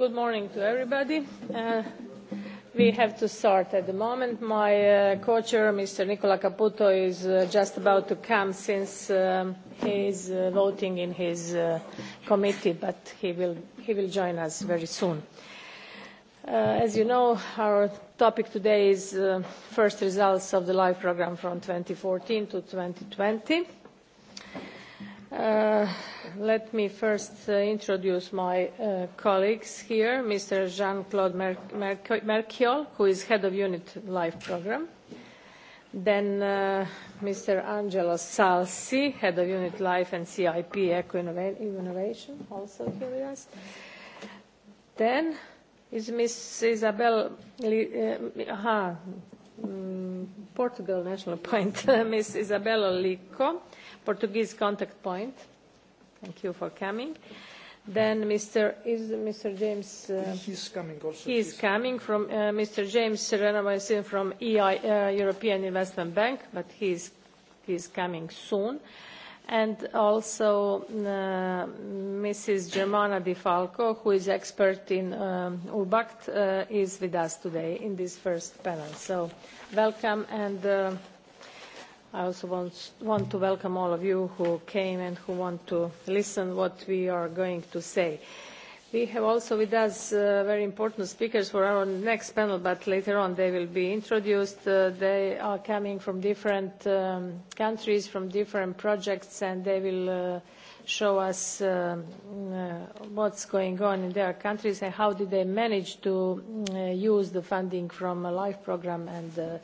Good morning to everybody. Uh, we have to start at the moment. My uh, co-chair, Mr. Nicola Caputo, is uh, just about to come since um, he is voting in his committee, but he will, he will join us very soon. as you know, our topic today is first results of the LIFE program from 2014 to 2020 Uh, let me first uh, introduce my uh, colleagues here, Mr. Jean-Claude Mer Merchiol, who is head of Unit Life Program. Then uh, Mr. Angelo Salsi, head of Unit Life and CIP Eco Innovation, also here with us. Then is Ms. Isabelle. Uh, ah Mm, Portugal national point, uh, Ms. Isabella Lico, Portuguese contact point. Thank you for coming. Then Mr. Is Mr. James. Uh, he's coming also. He is coming from uh, Mr. James Renovacin from EI, uh, European Investment Bank, but he is, he is coming soon. Uh, and also uh, Mrs. Germana Di Falco, who is expert in um, UBACT, uh, is with us today in this first panel. So welcome, and uh, I also want, want to welcome all of you who came and who want to listen what we are going to say. Uh, We have also with us uh, very important speakers for our next panel, but later on they will be introduced. Uh, they are coming from different um, countries, from different projects, and they will uh, show us uh, uh, what's going on in their countries and how did they manage to uh, use the funding from a life program. And uh,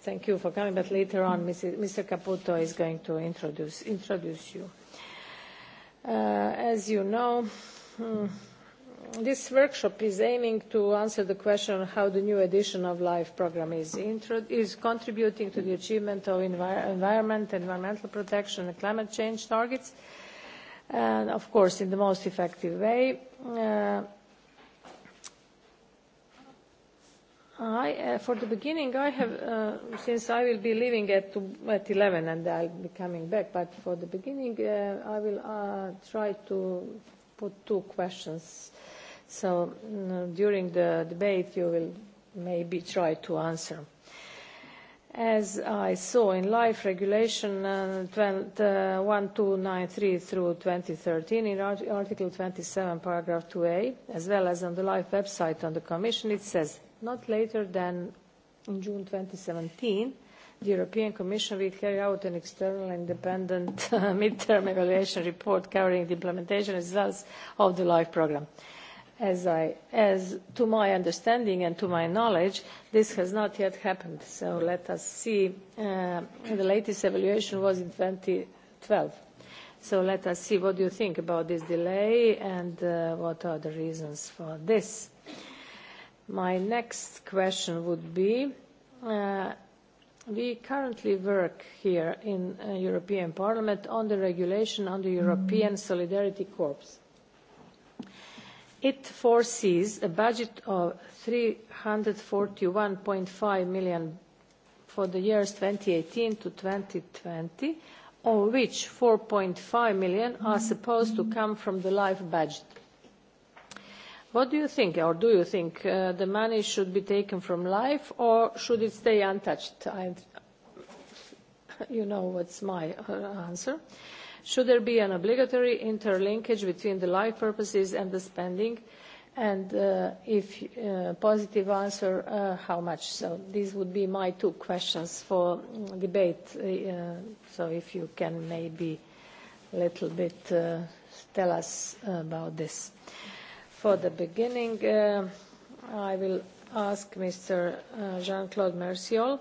thank you for coming, but later on Mr. Caputo is going to introduce, introduce you. Uh, as you know, hmm, this workshop is aiming to answer the question on how the new edition of LIFE programme is, is contributing to the achievement of envir environment, environmental protection and climate change targets, and of course in the most effective way. Uh, I, uh, for the beginning, I have, uh, since I will be leaving at, at 11 and I'll be coming back, but for the beginning, uh, I will uh, try to put two questions so mm, during the debate, you will maybe try to answer. As I saw in life regulation uh, 1293 through 2013 in art Article 27, paragraph 2a, as well as on the life website on the Commission, it says not later than in June 2017, the European Commission will carry out an external independent midterm evaluation report covering the implementation results of the life programme as I, as to my understanding and to my knowledge, this has not yet happened. So let us see. Uh, the latest evaluation was in 2012. So let us see what you think about this delay and uh, what are the reasons for this. My next question would be, uh, we currently work here in uh, European Parliament on the regulation on the European Solidarity Corps It foresees a budget of EUR five million for the years eighteen to twenty, of which four five million are supposed to come from the life budget. What do you think, or do you think uh, the money should be taken from life, or should it stay untouched? I, you know what's my uh, answer. Should there be an obligatory interlinkage between the life purposes and the spending? And uh, if uh, positive answer, uh, how much? So these would be my two questions for mm, debate. Uh, so if you can maybe a little bit uh, tell us about this. For the beginning, uh, I will ask Mr. Jean-Claude Merciol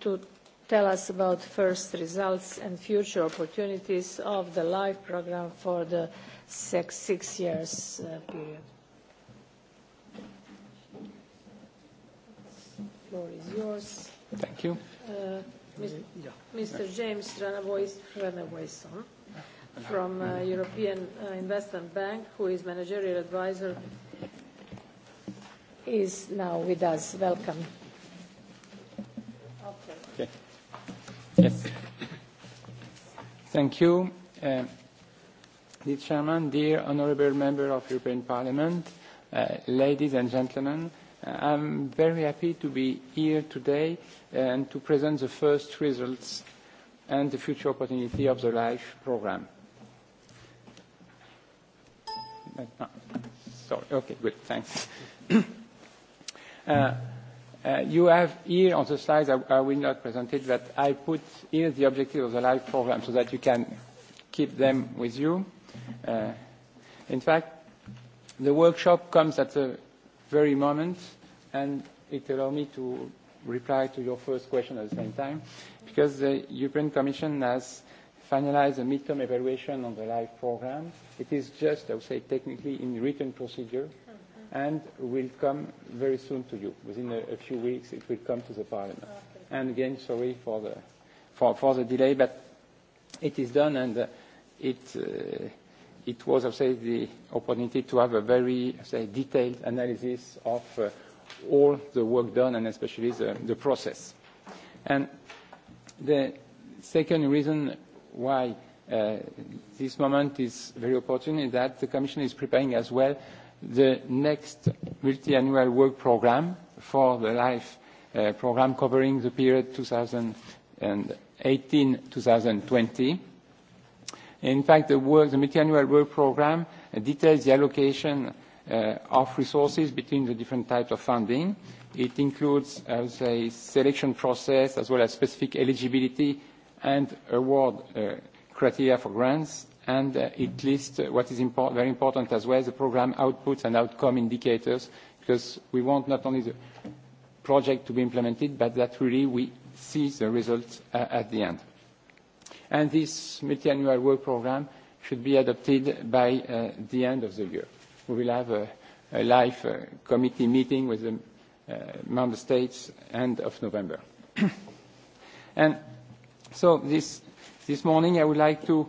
to tell us about first results and future opportunities of the LIFE programme for the six, six years uh, period. The floor is yours. Thank you. Uh, Mr. Yeah. Mr. James Ranawayson from uh, European uh, Investment Bank, who is managerial advisor, is now with us. Welcome. Okay. okay. Yes. Thank you. Uh, dear Chairman, dear honourable member of European Parliament, uh, ladies and gentlemen, uh, I am very happy to be here today and to present the first results and the future opportunity of the LIFE programme. Uh, you have here on the slides, I, I will not present it, but I put here the objective of the LIFE program so that you can keep them with you. Uh, in fact, the workshop comes at the very moment, and it allows me to reply to your first question at the same time, because the European Commission has finalized a midterm evaluation on the LIFE program. It is just, I would say, technically in written procedure, and will come very soon to you. Within a, a few weeks, it will come to the Parliament. Okay. And again, sorry for the, for, for the delay, but it is done, and uh, it, uh, it was, I say, the opportunity to have a very, I say, detailed analysis of uh, all the work done, and especially the, the process. And the second reason why uh, this moment is very opportune is that the Commission is preparing as well the next multi-annual work program for the life uh, program covering the period 2018-2020. In fact, the, work, the multi-annual work program details the allocation uh, of resources between the different types of funding. It includes, I would say, selection process as well as specific eligibility and award uh, criteria for grants and uh, it lists uh, what is import very important as well, the program outputs and outcome indicators, because we want not only the project to be implemented, but that really we see the results uh, at the end. And this multi-annual work program should be adopted by uh, the end of the year. We will have a, a live uh, committee meeting with the uh, member states end of November. and so this, this morning I would like to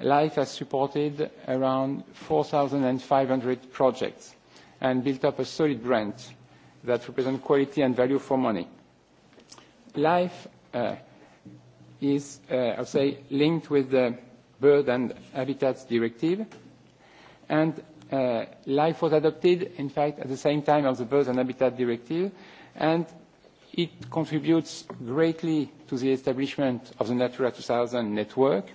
Life has supported around 4,500 projects and built up a solid brand that represent quality and value for money. Life uh, is, uh, say, linked with the Bird and Habitats Directive, and uh, Life was adopted, in fact, at the same time as the Birds and Habitat Directive, and it contributes greatly to the establishment of the Natura 2000 network,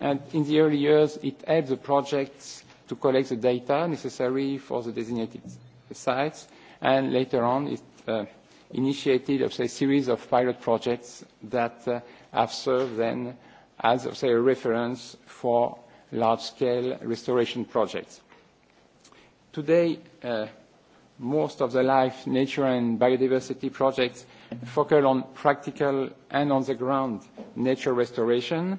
and in the early years it helped the projects to collect the data necessary for the designated sites and later on it uh, initiated say, a series of pilot projects that uh, have served then as say, a reference for large-scale restoration projects. Today, uh, most of the life, nature and biodiversity projects focus on practical and on-the-ground nature restoration,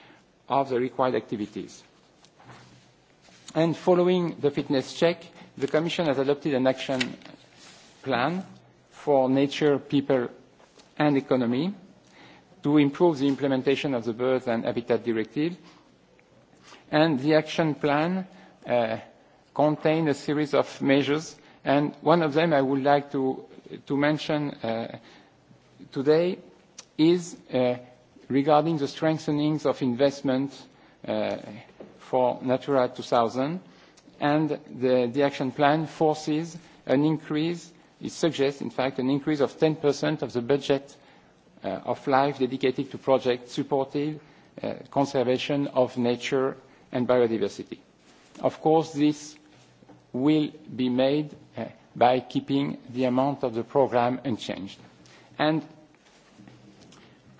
of the required activities. And following the fitness check, the Commission has adopted an action plan for nature, people and economy to improve the implementation of the Birth and Habitat Directive. And the action plan uh, a series of measures, and one of them I would like to, to mention uh, today is uh, regarding the strengthening of investment uh, for Natura 2000, and the, the action plan forces an increase, it suggests, in fact, an increase of 10% of the budget uh, of life dedicated to projects supporting uh, conservation of nature and biodiversity. Of course, this will be made uh, by keeping the amount of the program unchanged. And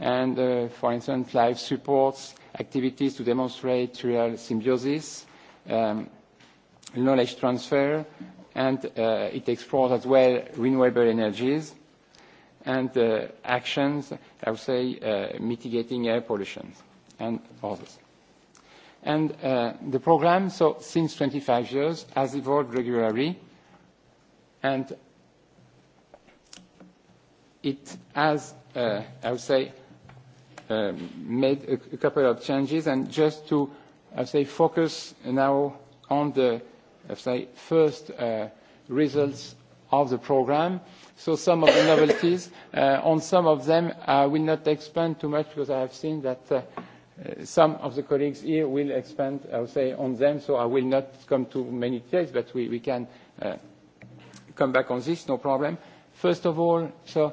and, uh, for instance, life supports activities to demonstrate real symbiosis, um, knowledge transfer, and uh, it explores as well renewable energies and uh, actions, I would say, uh, mitigating air pollution and others. And uh, the program, so since 25 years, has evolved regularly, and it has, uh, I would say, um, made a, a couple of changes and just to, I say, focus now on the, I say, first uh, results of the program. So some of the novelties, uh, on some of them, I will not expand too much because I have seen that uh, uh some of the colleagues here will expand, I would say, on them, so I will not come to many details, but we, we can uh, come back on this, no problem. First of all, so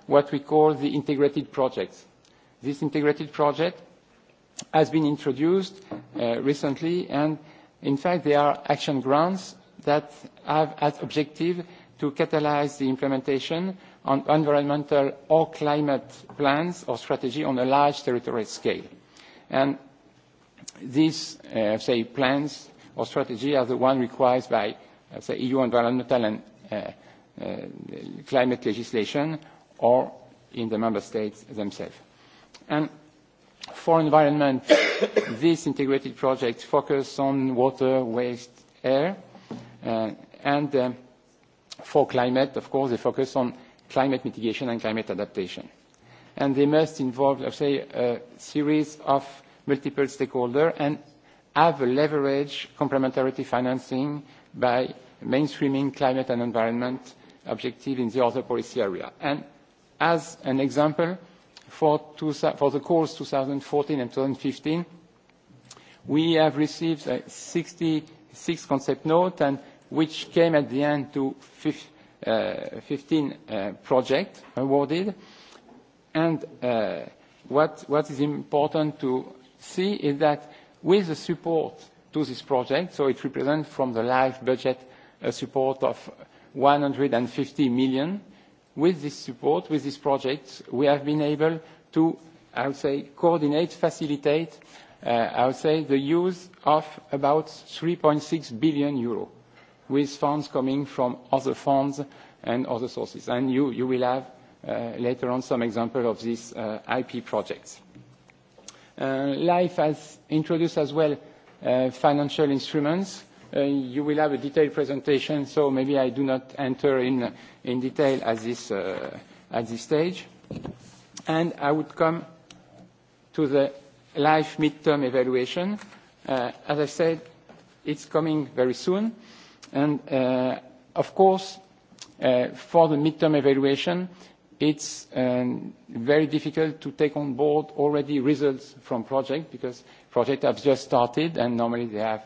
what we call the integrated projects. This integrated project has been introduced uh, recently, and in fact, they are action grants that have as objective to catalyze the implementation on environmental or climate plans or strategy on a large territorial scale. And these, uh, say, plans or strategy are the one required by, uh, say, EU environmental and uh, uh, climate legislation or in the member states themselves. And for environment, this integrated project focuses on water, waste, air, uh, and uh, for climate, of course, they focus on climate mitigation and climate adaptation. And they must involve, let's say, a series of multiple stakeholders and have a leverage complementarity financing by mainstreaming climate and environment objective in the other policy area. And As an example, for, two, for the calls 2014 and 2015, we have received sixty 66 concept note, and which came at the end to uh, fifteen projects uh, 15 project awarded. And uh, what, is important to see is that with the support to this project, so it represents from the live budget a support of 150 million, with this support, with this project, we have been able to, I would say, coordinate, facilitate, uh, I would say, the use of about 3.6 billion euro, with funds coming from other funds and other sources. And you, you will have uh, later on some example of these uh, IP projects. Uh, Life has introduced as well uh, financial instruments uh, you will have a detailed presentation, so maybe I do not enter in, in detail at this, uh, at this stage. And I would come to the life midterm evaluation. Uh, as I said, it's coming very soon. And uh, of course, uh, for the midterm evaluation, it's um, very difficult to take on board already results from project because projects have just started, and normally they have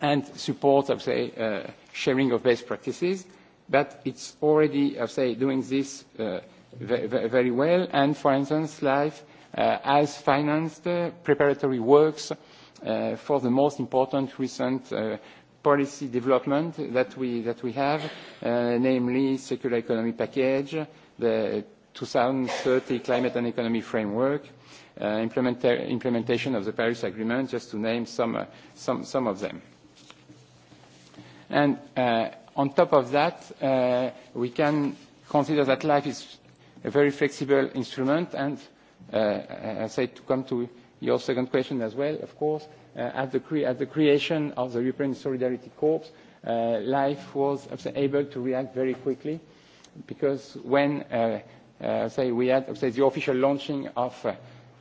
and support, would say, uh, sharing of best practices. But it's already, would say, doing this uh, ve very well. And for instance, LIFE uh, has financed uh, preparatory works uh, for the most important recent uh, policy development that we, that we have, uh, namely circular economy package, the 2030 climate and economy framework, uh, implementa implementation of the Paris Agreement, just to name some, uh, some, some of them. And uh, on top of that, uh, we can consider that life is a very flexible instrument. And uh, I say to come to your second question as well, of course, uh, at, the cre- at the creation of the European Solidarity Corps, uh, life was able to react very quickly because when uh, uh, say we had say, the official launching of uh,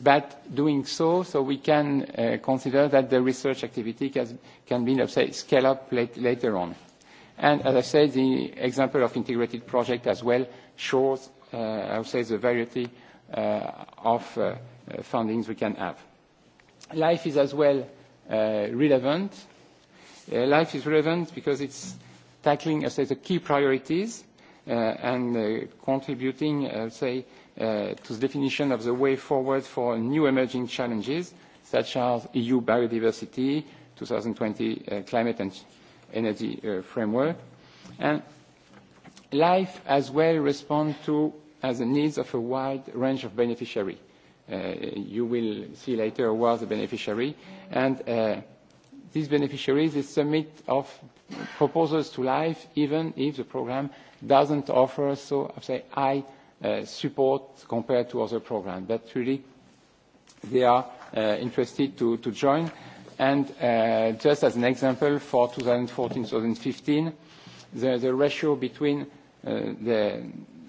but doing so so we can uh, consider that the research activity can, can be, let's say, scale up late, later on. And as I said, the example of integrated project as well shows, uh, I would say, the variety uh, of uh, fundings we can have. Life is as well uh, relevant. Uh, life is relevant because it's tackling, I say, the key priorities uh, and uh, contributing, uh, say, uh, to the definition of the way forward for new emerging challenges such as EU biodiversity, 2020 uh, climate and energy uh, framework. And life as well responds to as the needs of a wide range of beneficiaries. Uh, you will see later who are the beneficiary. And uh, these beneficiaries they submit of proposals to life even if the program doesn't offer so say high uh, support compared to other programs but really they are uh, interested to, to join and uh, just as an example for 2014-2015 the, the ratio between uh, the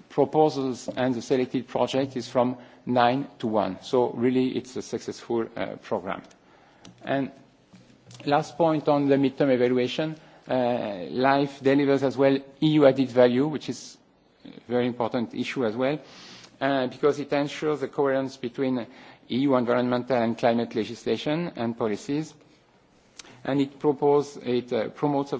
proposals and the selected project is from 9 to 1 so really it's a successful uh, program and Last point on the midterm evaluation. Uh, Life delivers as well EU added value, which is a very important issue as well, uh, because it ensures the coherence between EU environmental and climate legislation and policies. and It propose it uh, promotes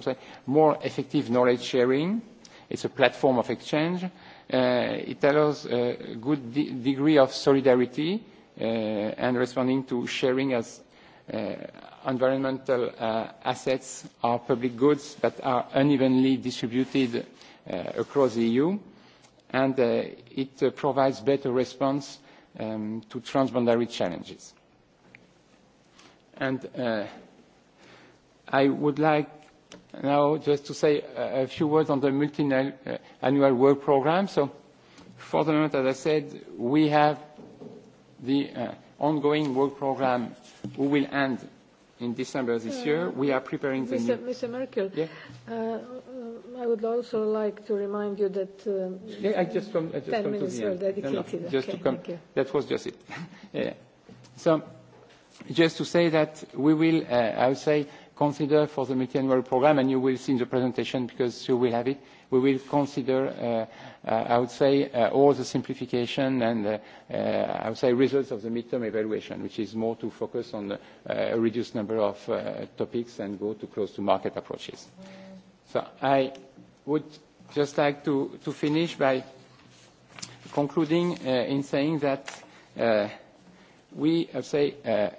more effective knowledge sharing. It's a platform of exchange. Uh, it allows a good de degree of solidarity uh, and responding to sharing as Uh, environmental uh, assets are public goods that are unevenly distributed uh, across the EU, and uh, it uh, provides better response um, to transboundary challenges. And uh, I would like now just to say a, few words on the multi-annual uh, work program. So for the moment, as I said, we have the uh, ongoing work program who will end in December this uh, year. We are preparing the Mr. new... Mr. Merkel, yeah? Uh, uh, I would also like to remind you that... Um, yeah, I just come, I just 10 come minutes to the were end. dedicated. No, no, just okay, to come. That was just it. yeah. So, just to say that we will, uh, I would say, consider for the multi-annual program, and you will see in the presentation because you will have it, we will consider, uh, uh, I would say, uh, all the simplification and, uh, uh, I would say, results of the midterm evaluation, which is more to focus on uh, a reduced number of uh, topics and go to close-to-market approaches. So I would just like to, to finish by concluding uh, in saying that uh, we, I would say, uh,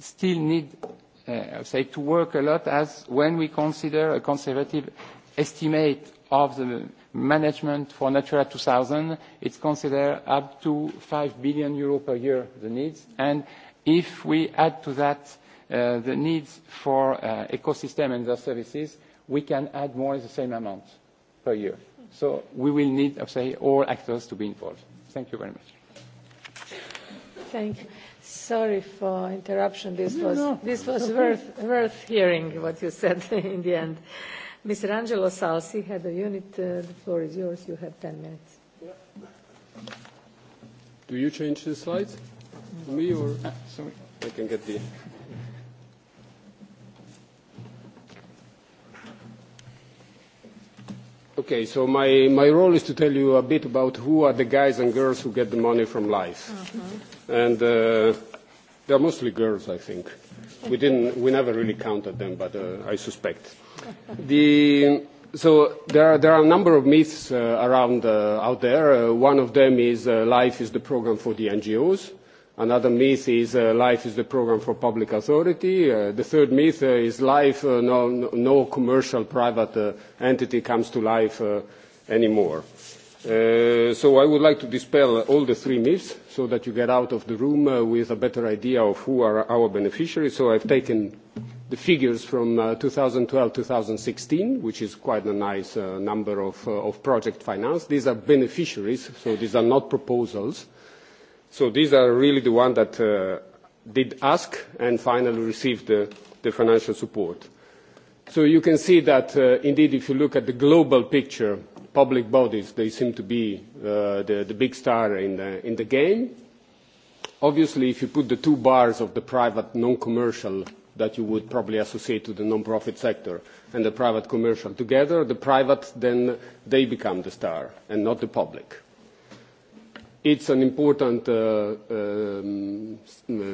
still need uh, I would say, to work a lot as when we consider a conservative estimate of the management for Natura 2000, it's considered up to 5 billion euro per year, the needs. And if we add to that uh, the needs for uh, ecosystem and their services, we can add more or the same amount per year. So we will need, I say, all actors to be involved. Thank you very much. Thank you. Sorry for interruption. This no, was, no. This was worth, worth hearing what you said in the end. Mr. Angelo Salsi had a unit. Uh, the floor is yours. You have 10 minutes. Yeah. Do you change the slides? No. Me or? Ah, sorry. I can get the. Okay, so my, my role is to tell you a bit about who are the guys and girls who get the money from life. Uh-huh. And uh, they're mostly girls, I think. We didn't. We never really counted them, but uh, I suspect. The, so there are, there are a number of myths uh, around uh, out there. Uh, one of them is uh, life is the program for the NGOs. Another myth is uh, life is the program for public authority. Uh, the third myth uh, is life, uh, no, no, no commercial private uh, entity comes to life uh, anymore. Uh, so I would like to dispel all the three myths so that you get out of the room uh, with a better idea of who are our beneficiaries. So I've taken the figures from uh, 2012, 2016, which is quite a nice uh, number of, uh, of project finance. These are beneficiaries, so these are not proposals. So these are really the ones that uh, did ask and finally received the, the financial support. So you can see that, uh, indeed, if you look at the global picture, public bodies, they seem to be uh, the, the big star in the, in the game. Obviously, if you put the two bars of the private non-commercial that you would probably associate to the non-profit sector and the private commercial together, the private, then they become the star and not the public it's an important uh, um,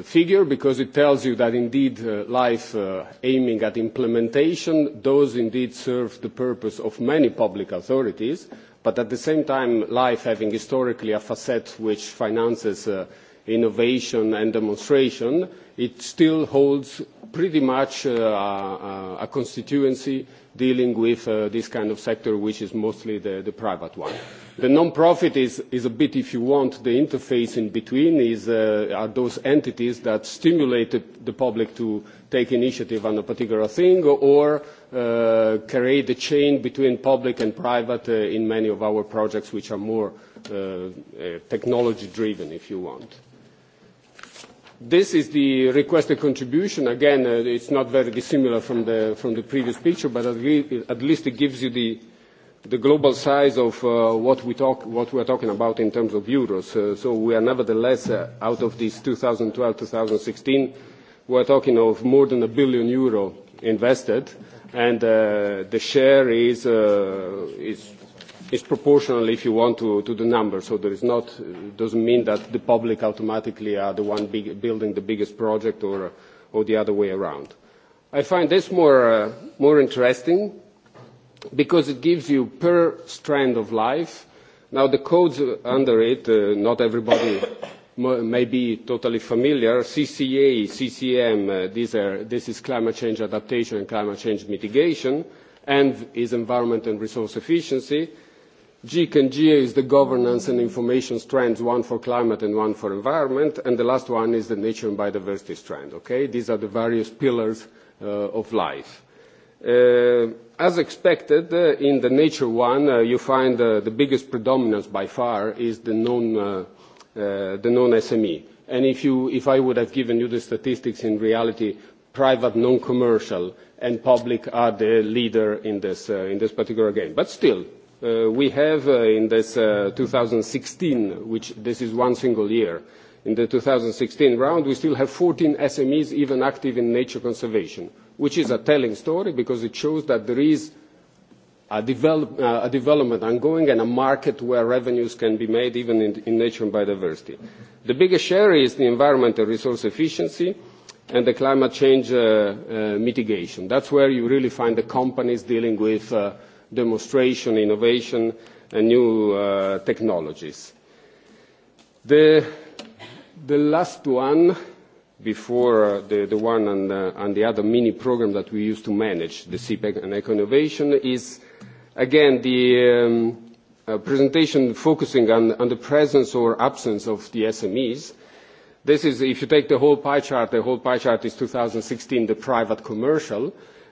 figure because it tells you that indeed uh, life uh, aiming at implementation does indeed serve the purpose of many public authorities, but at the same time life having historically a facet which finances innovation and demonstration, it still holds pretty much a constituency dealing with uh, this kind of sector, which is mostly the, private one. The non-profit is, a bit, if you want, the interface in between is, uh, are those entities that stimulated the public to take initiative on a particular thing or uh, create a chain between public and private in many of our projects, which are more technology-driven, if you want. This is the requested contribution. Again, uh, it's not very dissimilar from the, from the previous picture, but at, le at least it gives you the, the global size of uh, what, we talk, what we are talking about in terms of euros. Uh, so we are nevertheless, uh, out of this 2012, 2016, are talking of more than a billion euro invested, and uh, the share is, uh, is is proportional if you want to, to the number. So there is not, doesn't mean that the public automatically are the one big, building the biggest project or, or the other way around. I find this more, uh, more interesting because it gives you per strand of life. Now the codes under it, uh, not everybody may be totally familiar. CCA, CCM, uh, these are, this is climate change adaptation and climate change mitigation, and is environment and resource efficiency GIC and GA is the governance and information strands, one for climate and one for environment, and the last one is the nature and biodiversity strand. Okay? These are the various pillars uh, of life. Uh, as expected, uh, in the nature one, uh, you find uh, the biggest predominance by far is the non, uh, uh, the sme And if, you, if I would have given you the statistics, in reality, private non-commercial and public are the leader in this, uh, in this particular game. But still, uh, we have uh, in this uh, 2016, which this is one single year, in the 2016 round, we still have 14 SMEs even active in nature conservation, which is a telling story because it shows that there is a, develop, uh, a development ongoing and a market where revenues can be made even in, in nature and biodiversity. The biggest share is the environment and resource efficiency and the climate change uh, uh, mitigation. That's where you really find the companies dealing with uh, demonstration, innovation, and new uh, technologies. The, the last one, before uh, the, the one and, uh, and the other mini program that we used to manage, the CPEC e and Eco-Innovation, is again the um, uh, presentation focusing on, on the presence or absence of the SMEs. This is, if you take the whole pie chart, the whole pie chart is 2016, the private commercial,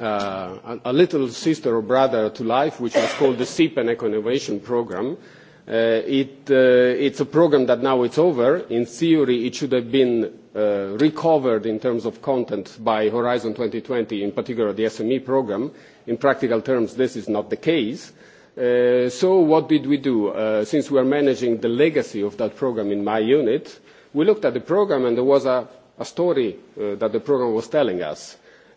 uh, a, a little sister or brother to life, which was called the SIP and Eco Innovation Programme. Uh, it, uh, it's a programme that now it's over. In theory, it should have been uh, recovered in terms of content by Horizon 2020, in particular the SME programme. In practical terms, this is not the case. Uh, so what did we do? Uh, since we are managing the legacy of that programme in my unit, we looked at the programme and there was a, a story uh, that the programme was telling us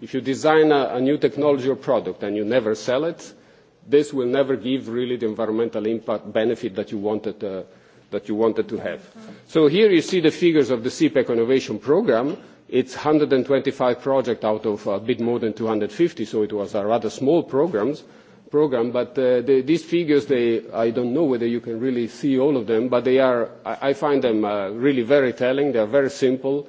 If you design a, a new technology or product and you never sell it, this will never give really the environmental impact benefit that you wanted, uh, that you wanted to have. So here you see the figures of the CPEC e Innovation Programme. It's 125 projects out of a bit more than 250, so it was a rather small programs, program. But uh, the, these figures, they, I don't know whether you can really see all of them, but they are, I, I find them uh, really very telling. They are very simple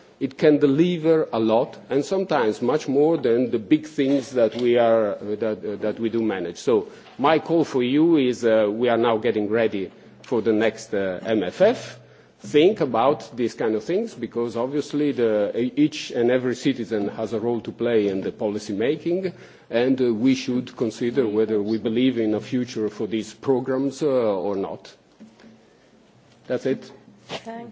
It can deliver a lot, and sometimes much more than the big things that we, are, that, uh, that we do manage. So my call for you is uh, we are now getting ready for the next uh, MFF. Think about these kind of things because obviously the, uh, each and every citizen has a role to play in the policy making, and uh, we should consider whether we believe in a future for these programs uh, or not. That's it. Thanks.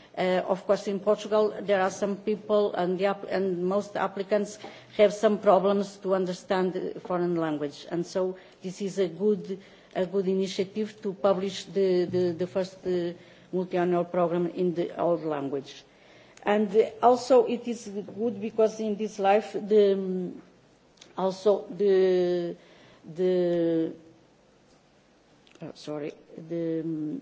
Uh, of course, in Portugal, there are some people and, the, and most applicants have some problems to understand the foreign language. And so this is a good, a good initiative to publish the, the, the first uh, multi-annual program in the old language. And also it is good because in this life, the, um, also the, the oh, sorry, the um,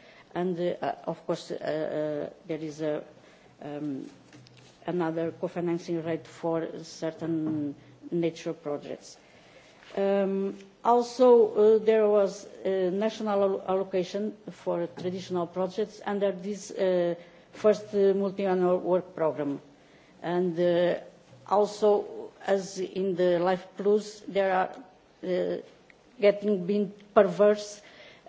And uh, uh, of course, uh, uh, there is a, uh, um, another co-financing rate for certain nature projects. Um, also, uh, there was a national allocation for traditional projects under this uh, first uh, multi-annual work program. And uh, also, as in the Life Plus, there are uh, getting being perverse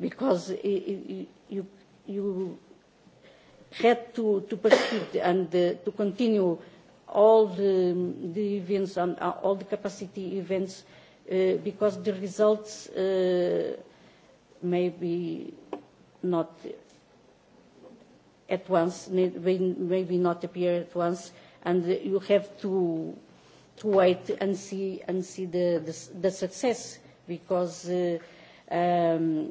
because you, you, you had to, to participate and uh, to continue all the, the events and uh, all the capacity events uh, because the results uh, may be not at once, maybe not appear at once, and you have to, to wait and see, and see the, the, the success because uh, um,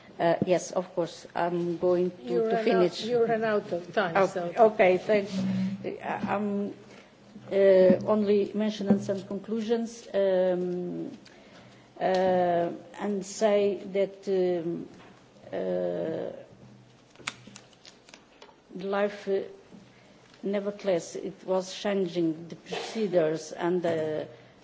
Uh, yes, of course, I'm going to, you to finish. Out, you ran out of time, okay, oh, so. Okay, thanks. Uh, I'm uh, only mentioning some conclusions um, uh, and say that um, uh, life, uh, nevertheless, it was changing the procedures and the uh,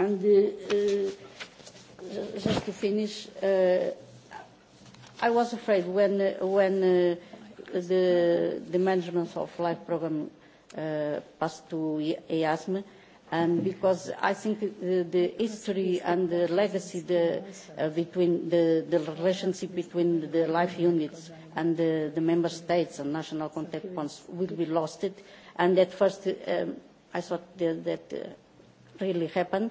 And uh, uh, just to finish, uh, I was afraid when, uh, when uh, the, the management of life program uh, passed to EASM, and because I think the, the history and the legacy the, uh, between the, the relationship between the life units and the, the member states and national contact points will be lost. It. And at first um, I thought that, that uh, really happened,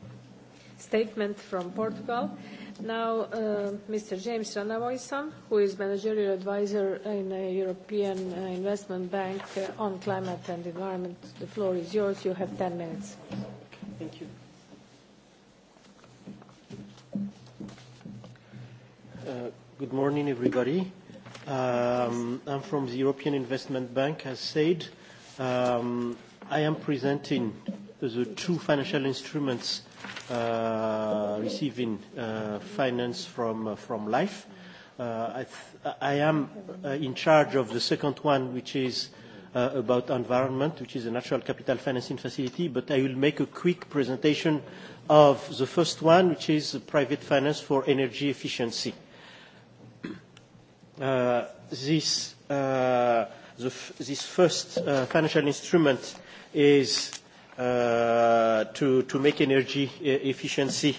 statement from Portugal. Now, uh, Mr. James Ranavoisan, who is managerial advisor in the European uh, Investment Bank uh, on climate and environment. The floor is yours. You have 10 minutes. Thank you. Uh, good morning, everybody. Um, I'm from the European Investment Bank, as said. Um, I am presenting the two financial instruments Uh, receiving uh, finance from, uh, from life. Uh, I, th I am uh, in charge of the second one, which is uh, about environment, which is a natural capital financing facility, but I will make a quick presentation of the first one, which is private finance for energy efficiency. Uh, this, uh, the f this first uh, financial instrument is uh, to, to make energy e, efficiency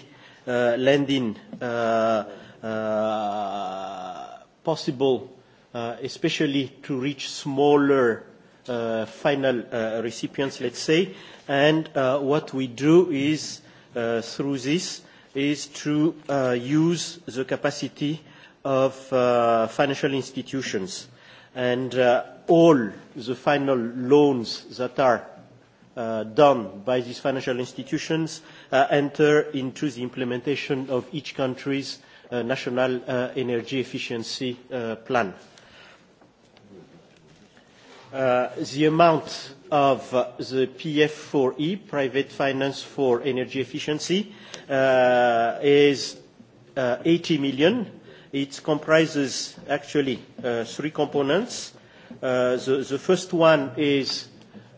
uh, lending uh, uh, possible, uh, especially to reach smaller uh, final uh, recipients, let's say. And uh, what we do is, uh, through this, is to uh, use the capacity of uh, financial institutions. And uh, all the final loans that are uh, done by these financial institutions uh, enter into the implementation of each country's uh, national uh, energy efficiency uh, plan. Uh, the amount of uh, the PF4E, Private Finance for Energy Efficiency, uh, is uh, 80 million. It comprises actually uh, three components. Uh, the, the first one is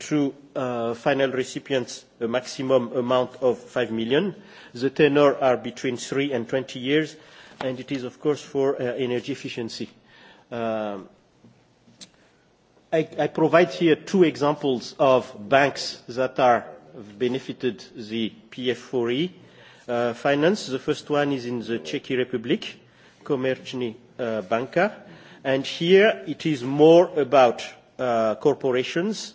to uh, final recipients a maximum amount of EUR five million. The tenor are between three and twenty years, and it is, of course, for uh, energy efficiency. Um, I, I provide here two examples of banks that are benefited the PF4E uh, finance. The first one is in the Czech Republic, Komerční uh, Banka, and here it is more about uh, corporations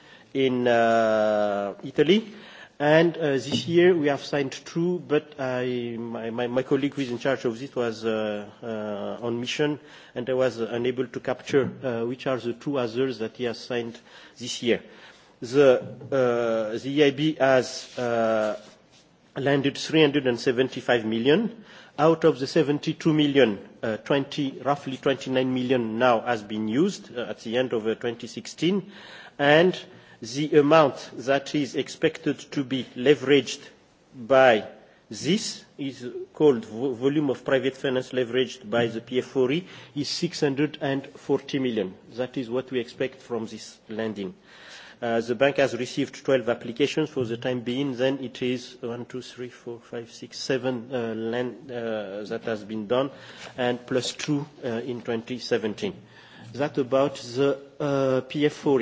in uh, Italy. And uh, this year we have signed two, but I, my, my, my colleague who is in charge of this was uh, uh, on mission, and I was unable to capture which are the two others that he has signed this year. The, EIB e has lent landed 375 million. Out of the 72 million, roughly 20, roughly 29 million now has been used at the end of 2016, and the amount that is expected to be leveraged by this is called volume of private finance leveraged by the pf is 640 million. That is what we expect from this lending. Uh, the bank has received 12 applications for the time being. Then it is one, two, three, four, five, six, seven uh, land uh, that has been done, and plus two uh, in 2017. That about the uh, pf 4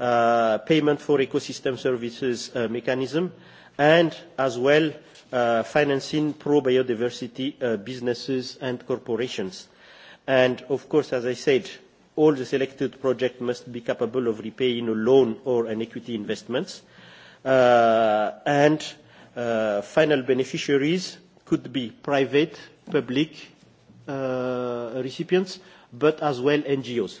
Uh, payment for ecosystem services uh, mechanism and as well uh, financing pro-biodiversity uh, businesses and corporations. And of course, as I said, all the selected projects must be capable of repaying a loan or an equity investment. Uh, and uh, final beneficiaries could be private, public uh, recipients, but as well NGOs.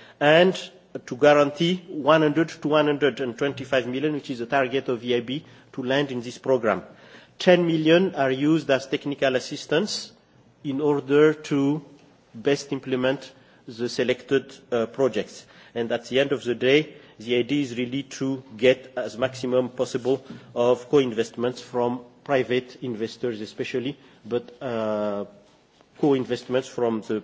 and to guarantee one hundred to one hundred and twenty five million, which is the target of the EIB, to land in this programme. Ten million are used as technical assistance in order to best implement the selected uh, projects. And at the end of the day, the idea is really to get as maximum possible of co-investments from private investors especially, but uh, co-investments from the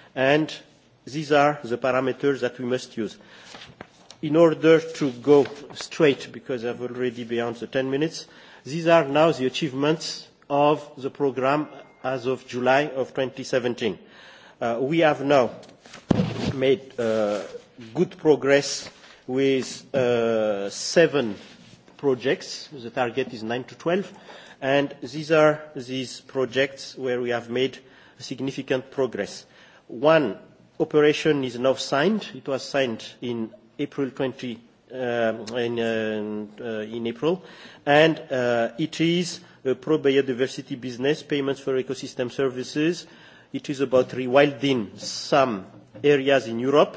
and these are the parameters that we must use. In order to go straight, because I've already beyond the 10 minutes, these are now the achievements of the programme as of July of 2017. Uh, we have now made uh, good progress with uh, seven projects. The target is nine to twelve and these are these projects where we have made significant progress. One operation is now signed. It was signed in April 20, um, uh, in, uh, in April, and uh, it is a pro-biodiversity business, payments for ecosystem services. It is about rewilding some areas in Europe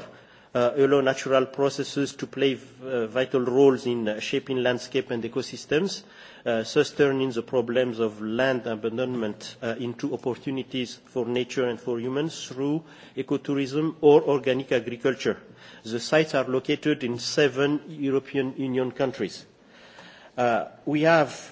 uh, allow natural processes to play uh, vital roles in uh, shaping landscape and ecosystems, uh, thus turning the problems of land abandonment uh, into opportunities for nature and for humans through ecotourism or organic agriculture. The sites are located in seven European Union countries. Uh, we have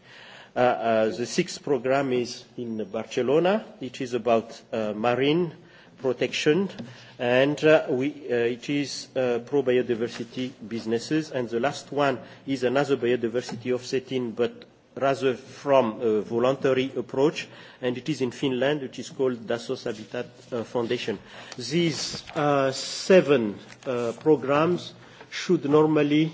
Uh, uh, the sixth program is in Barcelona. It is about uh, marine protection, and uh, we, uh, it is uh, pro-biodiversity businesses. And the last one is another biodiversity offsetting, but rather from a voluntary approach, and it is in Finland, which is called Dassos Habitat uh, Foundation. These uh, seven uh, programs should normally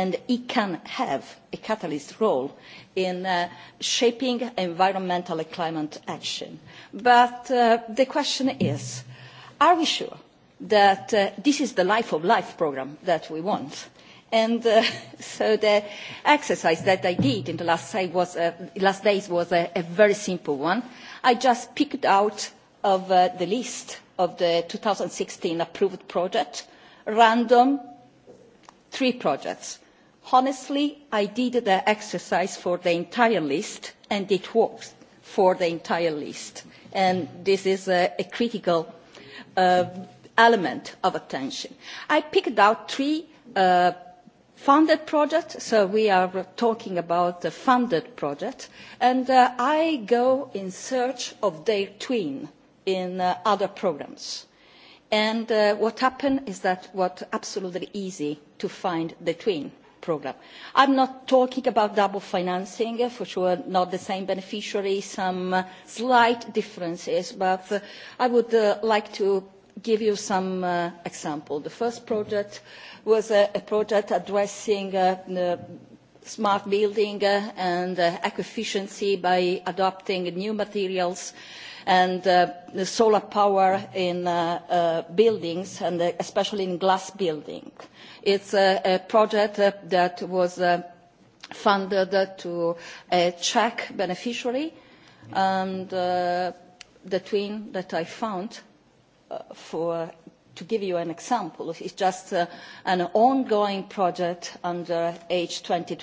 and it can have a catalyst role in uh, shaping environmental and climate action. But uh, the question is, are we sure that uh, this is the life of life programme that we want? And uh, so the exercise that I did in the last, was, uh, last days was a, a very simple one. I just picked out of uh, the list of the 2016 approved project, random three projects honestly i did the exercise for the entire list and it works for the entire list and this is a, a critical uh, element of attention. i picked out three uh, funded projects so we are talking about the funded project and uh, i go in search of their twin in uh, other programmes and uh, what happened is that it was absolutely easy to find the twin programme. i am not talking about double financing eh, for sure not the same beneficiary some uh, slight differences but uh, i would uh, like to give you some examples. the first project was a project addressing smart building and eco efficiency by adopting new materials and uh, solar power in uh, uh, buildings and uh, especially in glass buildings. It is a project uh, that was funded to check Czech beneficiary and the twin that I found for to give you an example, is just an ongoing project under H twenty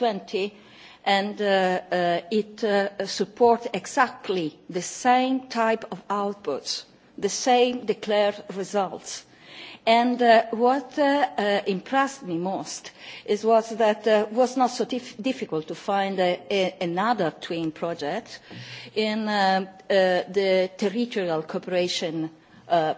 and uh, uh, it uh, supports exactly the same type of outputs, the same declared results. And uh, what uh, uh, impressed me most is was that it was not so dif difficult to find a, a, another twin project in the territorial cooperation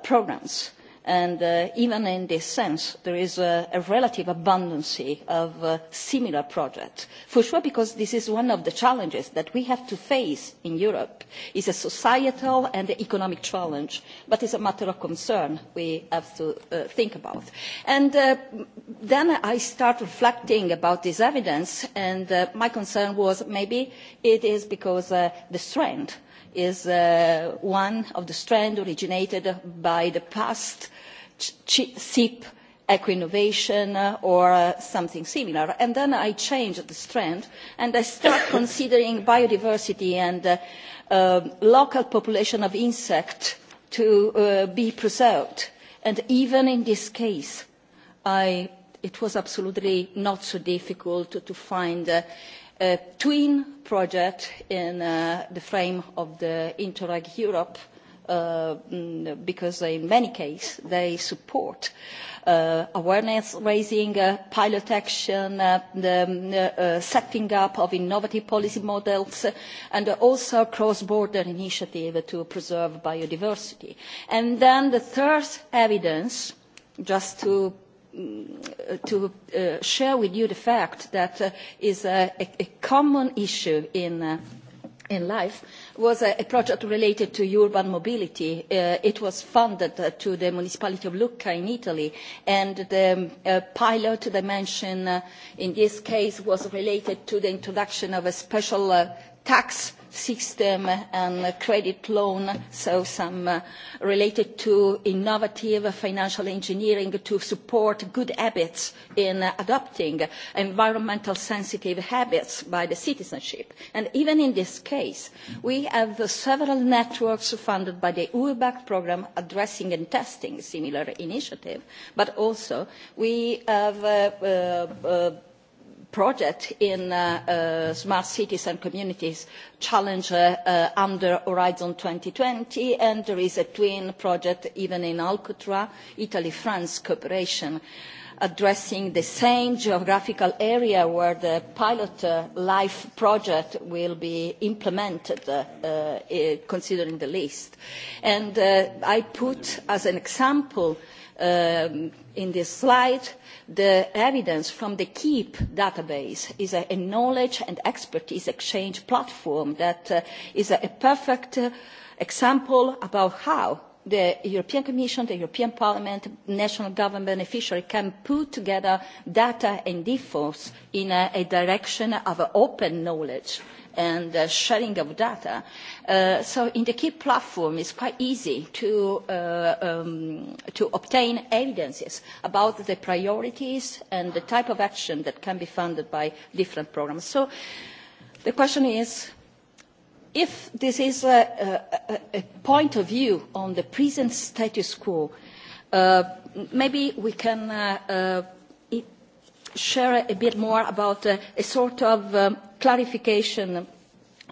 programmes and uh, even in this sense there is a, a relative abundance of uh, similar projects for sure because this is one of the challenges that we have to face in europe is a societal and economic challenge but it is a matter of concern we have to uh, think about and uh, then i start reflecting about this evidence and uh, my concern was maybe it is because uh, the strength is uh, one of the strands originated by the past SIP equinovation uh, or uh, something similar. And then I changed the strand and I start considering biodiversity and uh, uh, local population of insects to uh, be preserved. And even in this case, I, it was absolutely not so difficult to, to find uh, a twin project in uh, the frame of the Interreg Europe uh, mm, because in many cases they support uh, awareness raising, uh, pilot action, uh, the um, uh, setting up of innovative policy models, and also cross-border initiative to preserve biodiversity. And then the third evidence, just to to uh, share with you the fact that uh, is uh, a, a, common issue in, uh, in life was a, uh, a, project related to urban mobility. Uh, it was funded to the municipality of Lucca in Italy, and the um, pilot dimension in this case was related to the introduction of a special tax system and credit loan, so some uh, related to innovative financial engineering to support good habits in adopting environmental sensitive habits by the citizenship. And even in this case, we have several networks funded by the UEBAC programme addressing and testing similar initiative, but also we have uh, uh, project in uh, uh, smart cities and communities challenge uh, under horizon two thousand and twenty and there is a twin project even in alcatraz italy france cooperation addressing the same geographical area where the pilot uh, life project will be implemented, uh, uh, eh, considering the list. And uh, I put as an example um, in this slide the evidence from the keep database is a, a knowledge and expertise exchange platform that uh, is a, a perfect uh, example about how the European Commission, the European Parliament, national government beneficiary can put together data and infos in a, direction of open knowledge and uh, sharing of data. Uh, so in the key platform, it's quite easy to, uh, um, to obtain evidence about the priorities and the type of action that can be funded by different programmes. So the question is, if this is a, a, a point of view on the present status quo, uh, maybe we can uh, uh, share a bit more about uh, a sort of um, clarification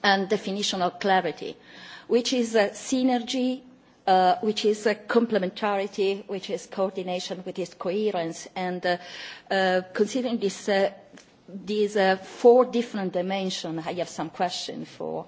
and definition of clarity, which is a synergy, uh, which is a complementarity, which is coordination, which is coherence, and uh, uh, considering this, uh, these uh, four different dimensions, I have some questions for uh,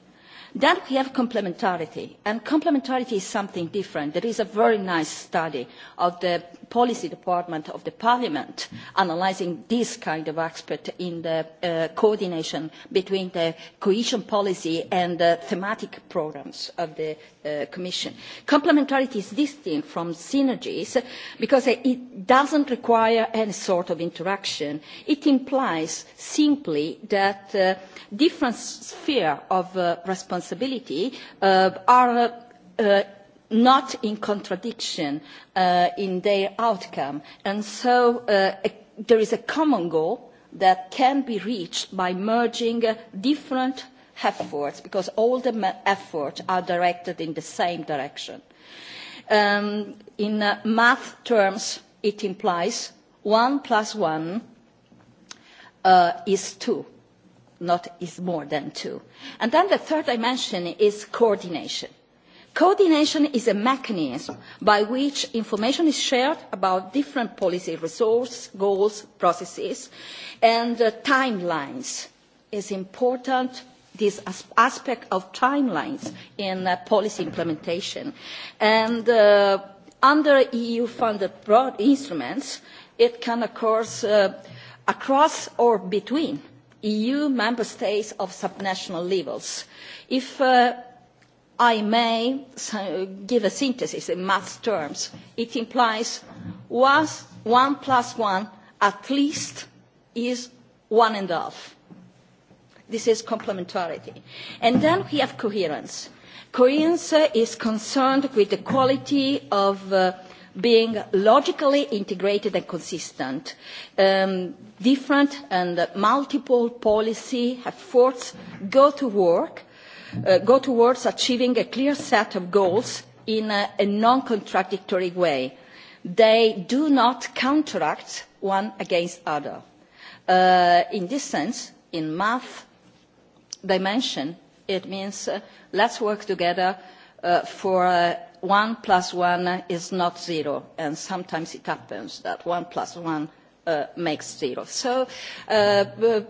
Then we have complementarity, and complementarity is something different. There is a very nice study of the policy department of the parliament analysing this kind of aspect in the uh, coordination between the cohesion policy and the thematic programmes of the uh, commission. Complementarity is distinct from synergies because it doesn't require any sort of interaction. It implies simply that uh, different spheres of uh, responsibility responsibility uh, are uh, not in contradiction uh, in their outcome. And so uh, a, there is a common goal that can be reached by merging uh, different efforts, because all the efforts are directed in the same direction. Um, in uh, math terms, it implies one plus one uh, is two not is more than two. And then the third dimension is coordination. Coordination is a mechanism by which information is shared about different policy resources, goals, processes, and uh, timelines. is important, this as aspect of timelines in uh, policy implementation. And uh, under EU-funded broad instruments, it can occur uh, across or between EU member states of subnational levels. If uh, I may so, give a synthesis in math terms, it implies was one plus one at least is one and a half. This is complementarity. And then we have coherence. Coherence is concerned with the quality of uh, being logically integrated and consistent. Um, different and multiple policy efforts go to work uh, go towards achieving a clear set of goals in a, a non-contradictory way. They do not counteract one against other. Uh, in this sense, in math dimension, it means uh, let's work together uh, for uh, one plus one is not zero, and sometimes it happens that one plus one uh, makes zero. So uh, uh,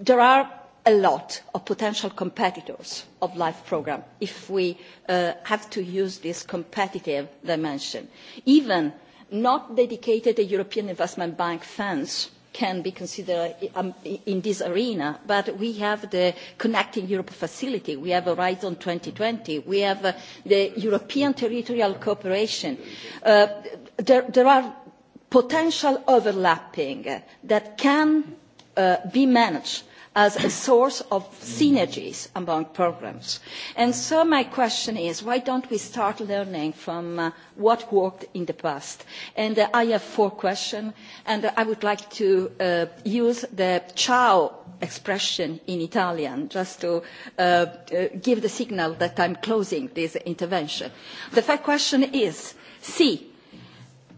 there are a lot of potential competitors of the life programme if we uh, have to use this competitive dimension. Even not dedicated European Investment Bank funds can be considered um, in this arena, but we have the Connecting Europe facility, we have Horizon twenty, we have uh, the European territorial cooperation. Uh, there, there are potential overlapping that can uh, be managed as a source of synergies among programmes. And so my question is, why don't we start learning from uh, what worked in the past? And uh, I have four questions, and I would like to uh, use the ciao expression in Italian just to uh, uh, give the signal that I am closing this intervention. The first question is, sì, si,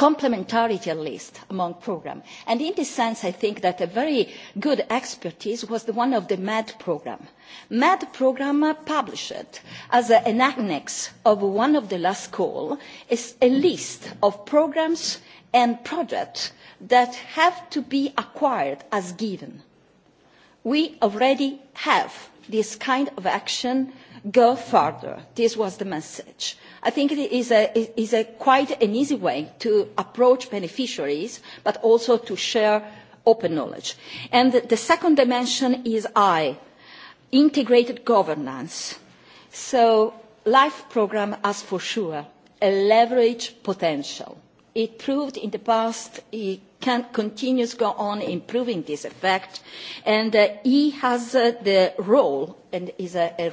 complementarity list among programmes and in this sense i think that a very good expertise was the one of the med programme. the med programme published as an annex of one of the last calls is a list of programmes and projects that have to be acquired as given. we already have this kind of action go further this was the message. I think it is, a, is a quite an easy way to approach beneficiaries, but also to share open knowledge. And the, the second dimension is I, integrated governance. So life programme has for sure a leverage potential. It proved in the past it can continue to go on improving this effect, and uh, E has uh, the role and is a, a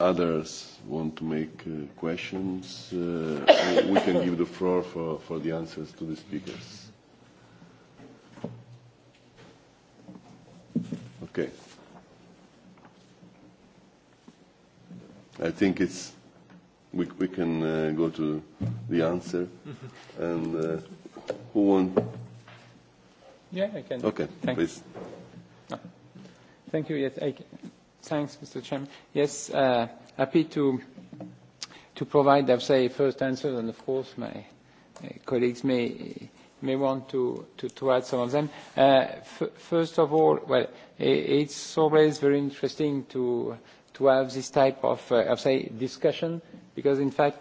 others want to make uh, questions, uh, we can give the floor for, for the answers to the speakers. Okay. I think it's we, we can uh, go to the answer. Mm-hmm. And uh, who wants? Yeah, I can. Okay, Thanks. please. No. Thank you. Yes, I can. Thanks, Mr. Chairman. Yes, uh, happy to to provide, I'd say, first answer, and of course, my uh, colleagues may may want to to to add some of them. Uh f First of all, well, it's always very interesting to to have this type of, uh of say, discussion, because in fact,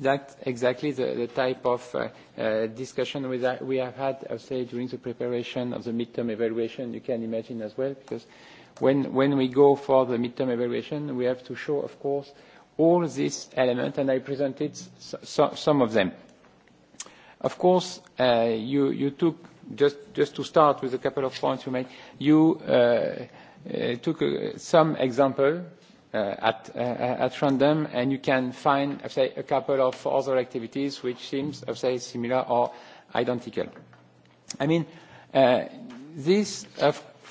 that's exactly the the type of uh uh discussion we that we have had, I'll say, during the preparation of the midterm evaluation, you can imagine as well, because when, when we go for the midterm evaluation, we have to show, of course, all these elements, and I presented so, so, some of them. Of course, uh, you, you took, just, just to start with a couple of points you made, you uh, uh, took uh, some example uh, at, uh, at random, and you can find, uh, say, a couple of other activities which seems, uh, say, similar or identical. I mean, uh, this, of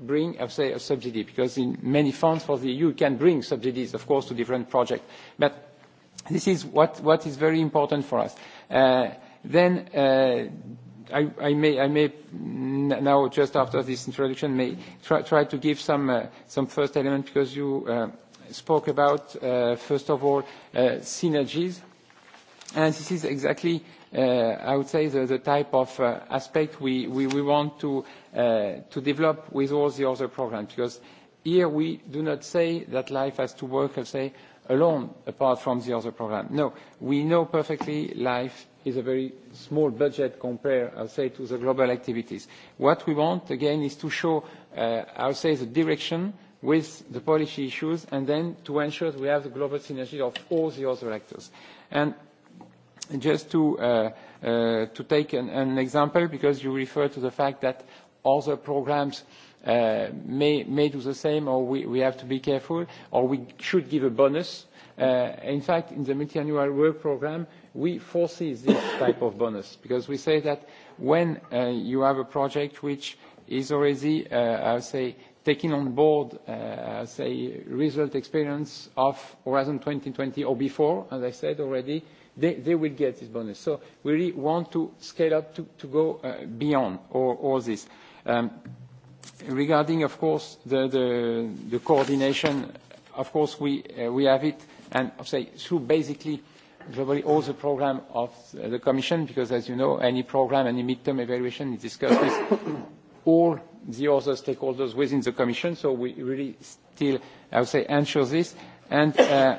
bring, I say, a subsidy, because in many funds for the EU can bring subsidies, of course, to different projects. But this is what, what is very important for us. Uh, then uh, I, I, may, I may now, just after this introduction, may try, try to give some, uh, some first element, because you spoke about, first of all, synergies. And this is exactly uh, I would say, the, the type of uh, aspect we, we, we want to, uh, to develop with all the other programs. Because here we do not say that life has to work, let's say, alone apart from the other program. No, we know perfectly life is a very small budget compared, I'll say, to the global activities. What we want, again, is to show, uh, I'll say, the direction with the policy issues, and then to ensure that we have the global synergy of all the other actors. And just to, uh, uh, to take an, an example, because you refer to the fact that other programs uh, may, may do the same, or we, we have to be careful, or we should give a bonus. Uh, in fact, in the multi-annual work program, we foresee this type of bonus because we say that when uh, you have a project which is already, uh, I would say, taking on board, uh, say, result experience of Horizon 2020 or before, as I said already, they, they will get this bonus. So we really want to scale up to, to go uh, beyond all, all this. Um, regarding, of course, the, the, the coordination, of course, we, uh, we have it, and say through basically globally all the program of the Commission, because as you know, any program, any midterm evaluation is discussed with all the other stakeholders within the Commission, so we really still, I would say, ensure this. And uh,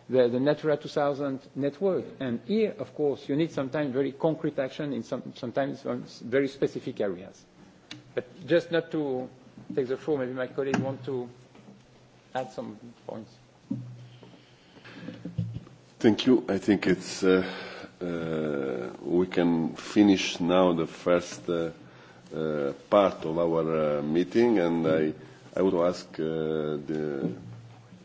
the, the Natura 2000 network. And here, of course, you need sometimes very concrete action in some, sometimes on very specific areas. But just not to take the floor, maybe my colleague want to add some points. Thank you. I think it's, uh, uh, we can finish now the first uh, uh, part of our uh, meeting, and I, I would ask uh, the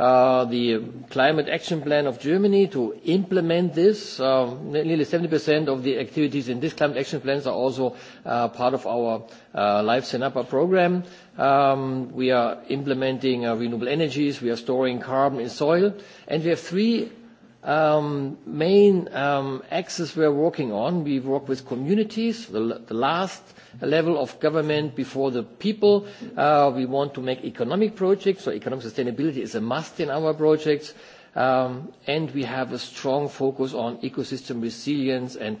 uh, the climate action plan of Germany to implement this. Uh, nearly 70% of the activities in this climate action plans are also uh, part of our uh, Life Senapa program. Um, we are implementing uh, renewable energies, we are storing carbon in soil, and we have three um, main um, axis we're working on. We work with communities, the, the last level of government before the people. Uh, we want to make economic projects, so economic sustainability is a must in our projects. Um, and we have a strong focus on ecosystem resilience and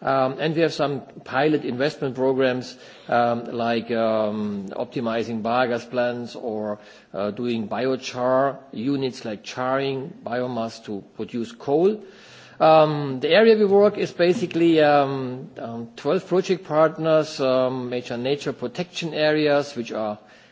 Um, and we have some pilot investment programs um, like um, optimizing biogas plants or uh, doing biochar units like charring biomass to produce coal. Um, the area we work is basically um, 12 um, project partners, um, major nature protection areas, which are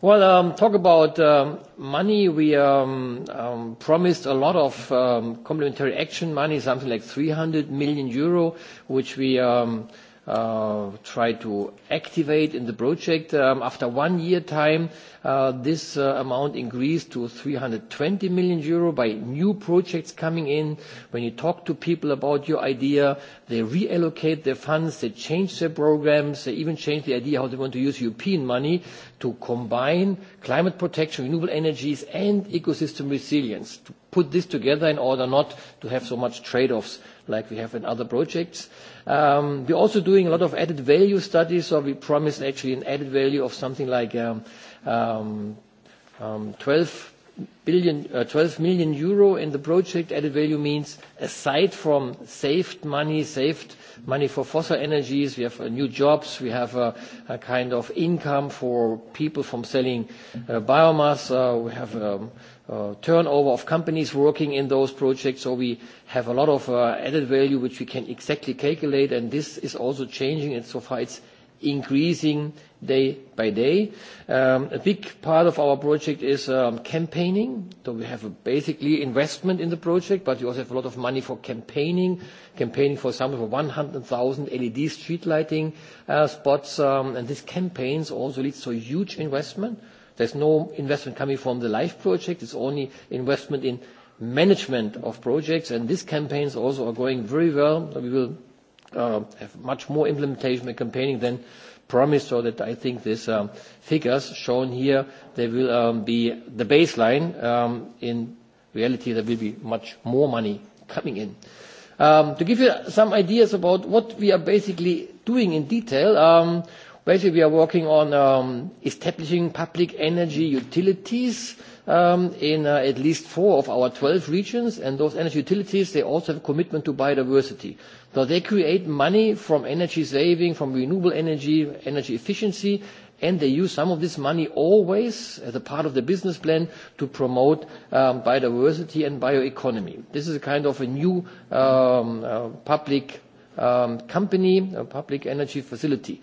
Well, um, talk about um, money. We um, um, promised a lot of um, complementary action money, something like 300 million euro, which we um, uh, try to activate in the project. Um, after one year time, Uh, this uh, amount increased to 320 million euro by new projects coming in. When you talk to people about your idea, they reallocate their funds, they change their programs, they even change the idea how they want to use European money to combine climate protection, renewable energies, and ecosystem resilience, to put this together in order not to have so much trade-offs like we have in other projects. Um, we're also doing a lot of added value studies, so we promised actually an added value of something like um, um, um, 12 billion, uh, 12 million euro in the project added value means aside from saved money, saved money for fossil energies, we have uh, new jobs, we have a a kind of income for people from selling uh, biomass, uh, we have um, uh, turnover of companies working in those projects, so we have a lot of uh, added value which we can exactly calculate, and this is also changing, and so far it's increasing day by day. Um, a big part of our project is um, campaigning. So we have a basically investment in the project, but we also have a lot of money for campaigning. Campaigning, for example, for 100,000 LED e street lighting uh, spots. Um, and these campaigns also leads to a huge investment. There's no investment coming from the LIFE project. It's only investment in management of projects, and these campaigns also are going very well. We will uh, have much more implementation and campaigning than promised, so that I think these um, figures shown here, they will um, be the baseline. Um, in reality, there will be much more money coming in. Um, to give you some ideas about what we are basically doing in detail, um, basically we are working on um, establishing public energy utilities um, in uh, at least four of our 12 regions, and those energy utilities, they also have a commitment to biodiversity. So they create money from energy saving, from renewable energy, energy efficiency, and they use some of this money always as a part of the business plan to promote um, biodiversity and bioeconomy. This is a kind of a new um, uh, public um, company, a public energy facility.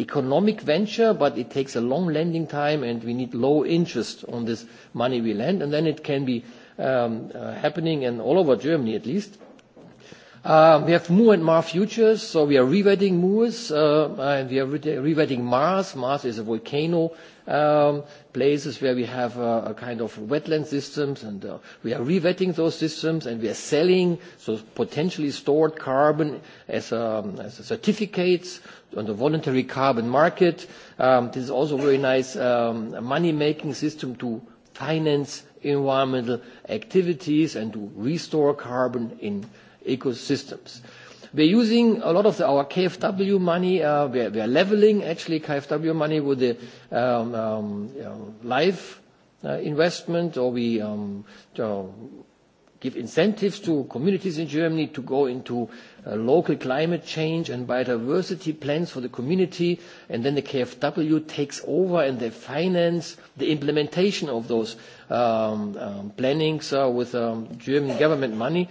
economic venture, but it takes a long lending time, and we need low interest on this money we lend, and then it can be um, uh, happening in all over Germany at least. Uh, we have Moore and Mar futures, so we are rewetting Moors, uh, and we are rewetting Mars. Mars is a volcano um, places where we have uh, a kind of wetland systems, and uh, we are revetting those systems, and we are selling so potentially stored carbon as, a, um, as a certificates on the voluntary carbon market. Um, this is also a very nice um, money-making system to finance environmental activities and to restore carbon in ecosystems. Mm-hmm. We're using a lot of our KfW money. Uh, we're, leveling actually KfW money with the um, um, um, life uh, investment, or we um, uh, give incentives to communities in Germany to go into uh, local climate change and biodiversity plans for the community, and then the KfW takes over and they finance the implementation of those um, um, plannings uh, with um, German government money.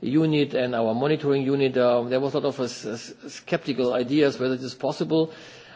unit and our monitoring unit, uh, there was a lot of uh, skeptical ideas whether it is possible.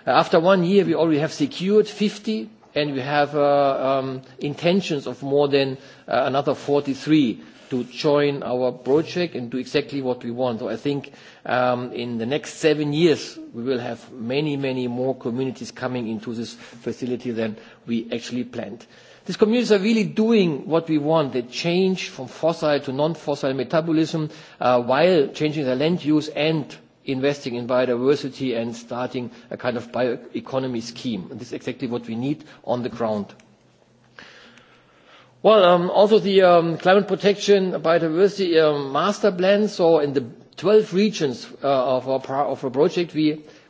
Uh, after one year, we already have secured 50, and we have uh, um, intentions of more than uh, another 43 to join our project and do exactly what we want. So I think um, in the next seven years, we will have many, many more communities coming into this facility than we actually planned. These communities are really doing what we want. They change from fossil to non-fossil metabolism uh, while changing their land use and investing in biodiversity and starting a kind of bioeconomy scheme. And this is exactly what we need on the ground. Well, um, also the um, climate protection biodiversity um, master plan. So in the 12 regions uh, of, our, of our project, we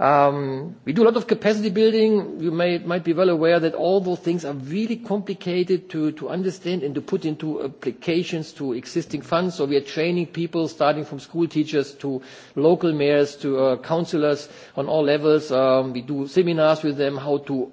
Um, we do a lot of capacity building. You may, might be well aware that all those things are really complicated to, to understand and to put into applications to existing funds. So we are training people, starting from school teachers to local mayors to uh, councillors on all levels. Um, we do seminars with them how to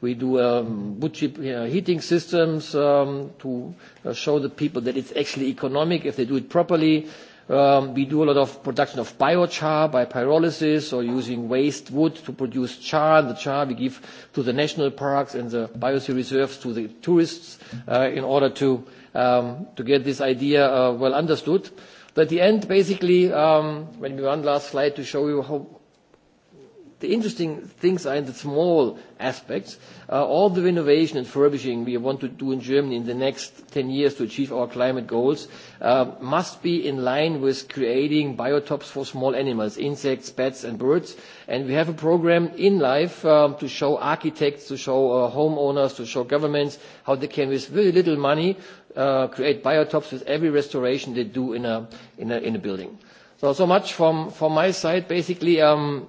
We do um, wood chip uh, heating systems um, to uh, show the people that it's actually economic if they do it properly. Um, we do a lot of production of biochar by pyrolysis or using waste wood to produce char. The char we give to the national parks and the biosphere reserves to the tourists uh, in order to, um, to get this idea uh, well understood. But at the end, basically, um, when we run last slide to show you how, the interesting things are in the small aspects. Uh, all the renovation and furbishing we want to do in Germany in the next 10 years to achieve our climate goals uh, must be in line with creating biotopes for small animals, insects, bats, and birds. And we have a program in life um, to show architects, to show uh, homeowners, to show governments how they can, with very little money, uh, create biotopes with every restoration they do in a, in a, in a building. So, so much from, from my side. Basically, um,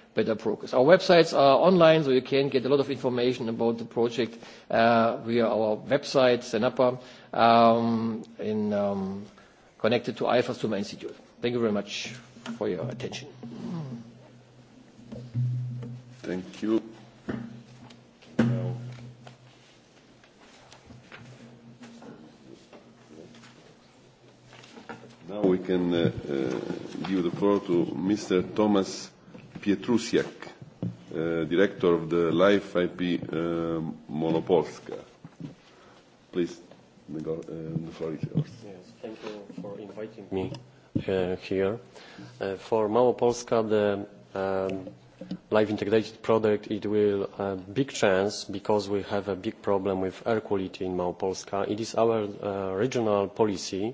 better progress. Our websites are online, so you can get a lot of information about the project uh, via our website, Senapa, um, in, um, connected to IFASUMA Institute. Thank you very much for your attention. Thank you. Now, now we can uh, uh, give the floor to Mr. Thomas Pietrusiak, uh, director of the Life IP uh, eh, Monopolska. Please, the, go, uh, the floor is yours. Yes, thank you for inviting me uh, here. Uh, for Monopolska, the um, live integrated product, it will a uh, big chance because we have a big problem with air quality in Małopolska. It is our uh, regional policy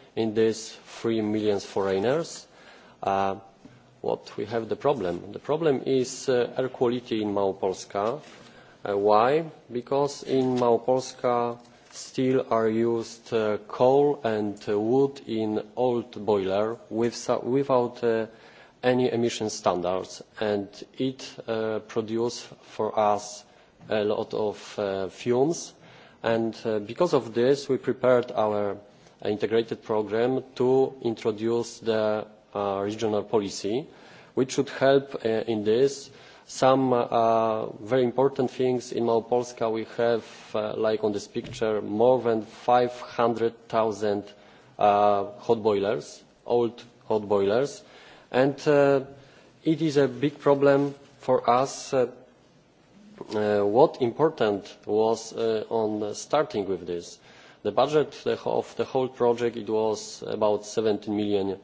in these three million foreigners. Uh, what we have the problem? The problem is uh, air quality in Małopolska. Uh, why? Because in Małopolska still are used uh, coal and uh, wood in old boiler with, without uh, any emission standards and it uh, produces for us a lot of uh, fumes and uh, because of this we prepared our integrated programme to introduce the uh, regional policy, which should help uh, in this. Some uh, very important things in Małopolska we have, uh, like on this picture, more than 500,000 uh, hot boilers, old hot boilers, and uh, it is a big problem for us. Uh, uh, what important was uh, on starting with this? the budget of the whole project was about eur seventeen million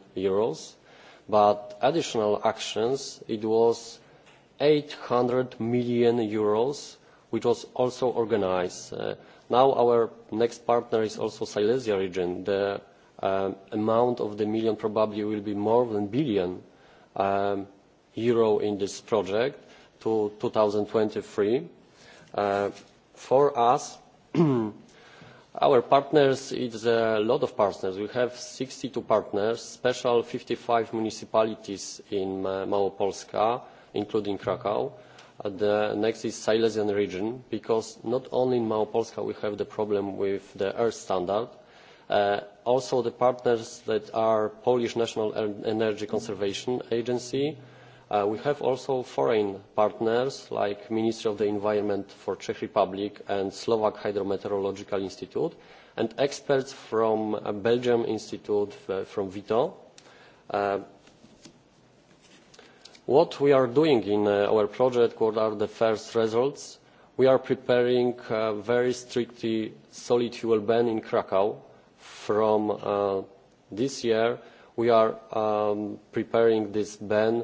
but additional actions it was eur eight hundred million Euros, which was also organised. Uh, now our next partner is also silesia region. the um, amount of the million probably will be more than a billion um, euro in this project to two thousand and twenty three. Uh, for us Our partners, it's a lot of partners. We have sixty two partners, special fifty five municipalities in Małopolska, including Krakow. Uh, the next is Silesian region, because not only in Małopolska we have the problem with the air standard, uh, also the partners that are Polish National Energy Conservation Agency, Uh, we have also foreign partners like the ministry of the environment for the czech republic and the slovak hydrometeorological institute and experts from the uh, belgian institute uh, from vito. what we are doing in our project what are the first results? we are preparing a very strictly solid fuel ban in krakow from this year. we are um, preparing this ban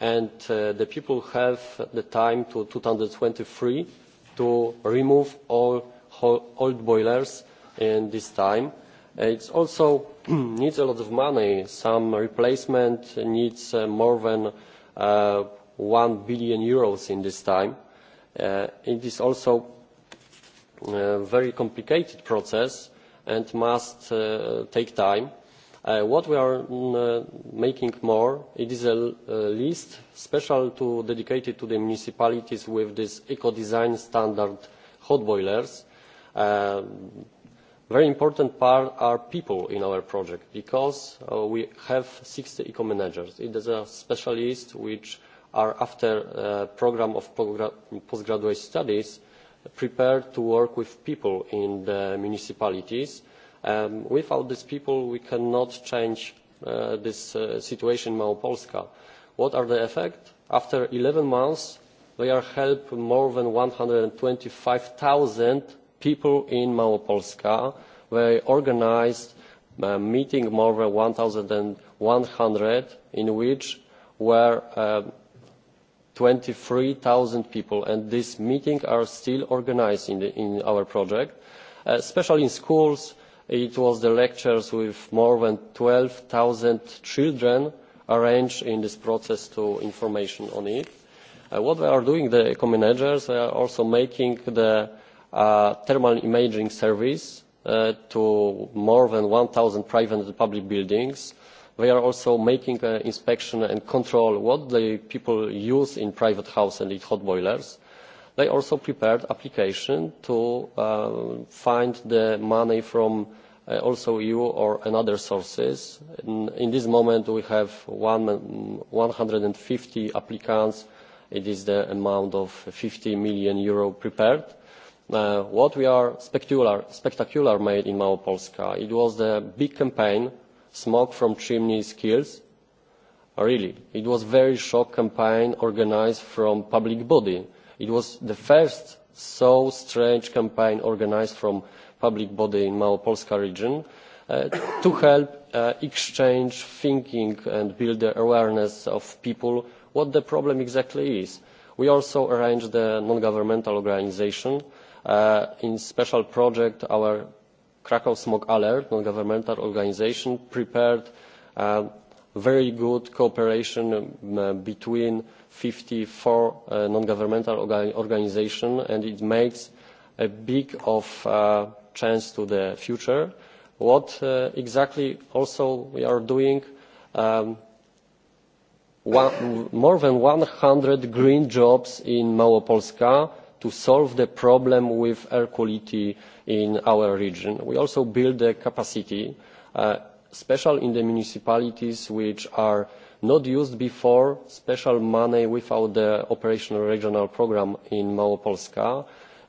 and uh, the people have the time to two thousand and twenty three to remove all old boilers in this time. It also needs a lot of money. Some replacement needs uh, more than uh, 1 billion euros in this time. Uh, it is also a uh, very complicated process and must uh, take time Uh, what we are mm, uh, making more it is a, list special to, dedicated to the municipalities with these eco design standard hot boilers. a uh, very important part are people in our project because we have sixty eco managers. it is a specialist which are after a programme of postgraduate studies prepared to work with people in the municipalities Um, without these people, we cannot change uh, this uh, situation in Małopolska. What are the effects? After eleven months, we are helped more than one hundred and twenty five thousand people in Małopolska. we organised a meeting more than one one hundred in which were um, twenty three thousand people. And these meetings are still organised in, the, in our project, uh, especially in schools, It was the lectures with more than twelve 12,000 children arranged in this process to information on it. Uh, what they are doing, the eco managers, they are also making the uh, thermal imaging service uh, to more than 1,000 private and public buildings. They are also making uh, inspection and control what the people use in private house and in hot boilers they also prepared application to uh, find the money from uh, also EU or another sources. In, in this moment, we have one, 150 applicants. It is the amount of 50 million euro prepared. Uh, what we are spectacular, spectacular made in Małopolska, it was the big campaign, Smoke from chimney skills. Really, it was very shock campaign organized from public body it was the first so strange campaign organised from a public body in the małopolska region uh, to help uh, exchange thinking and build the awareness of people what the problem exactly is. we also arranged a non governmental organisation uh, in a special project our krakow smog alert non governmental organisation prepared uh, very good cooperation um, uh, between fifty four uh, non governmental organisations and it makes a big of uh, chance to the future. What uh, exactly also we are doing um, one, more than one hundred green jobs in Małopolska to solve the problem with air quality in our region. We also build the capacity. Uh, especially in the municipalities which are not used before special money without the operational regional programme in małopolska. Uh,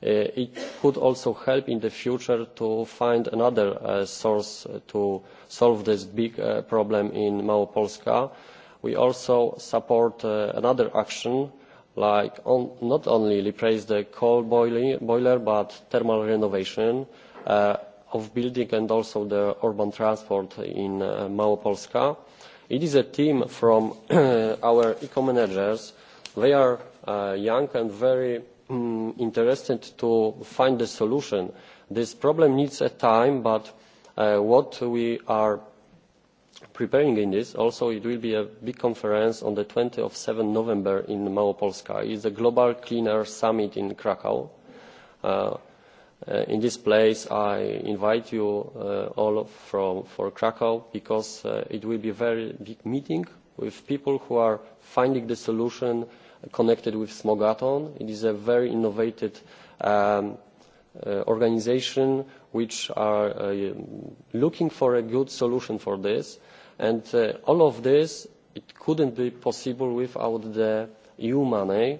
it could also help in the future to find another uh, source to solve this big uh, problem in małopolska. we also support another action like on, not only replace the coal boiler but thermal renovation of building and also the urban transport in uh, Małopolska. It is a team from uh, our eco-managers. They are uh, young and very um, interested to find the solution. This problem needs a time, but uh, what we are preparing in this, also it will be a big conference on the 20 of 7 November in Małopolska. It's a Global Cleaner Summit in Krakow. Uh, Uh, in this place, I invite you uh, all from for Krakow because uh, it will be a very big meeting with people who are finding the solution connected with Smogaton. It is a very innovative um, uh, organization which are uh, looking for a good solution for this. And uh, all of this, it couldn't be possible without the EU eh? money.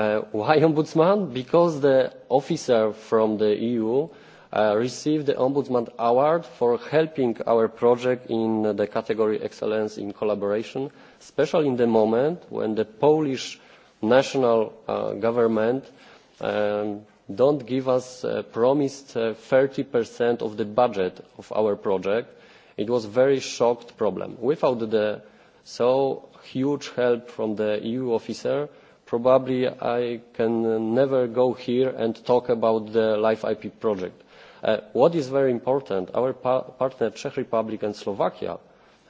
Uh, why ombudsman? Because the officer from the EU uh, received the Ombudsman Award for helping our project in the category Excellence in Collaboration, especially in the moment when the Polish national uh, government does um, don't give us uh, promised uh, of the budget of our project. It was a very shocked problem. Without the so huge help from the EU officer, probably I can never go here and talk about the Life IP project. Uh, what is very important, our pa partner Czech Republic and Slovakia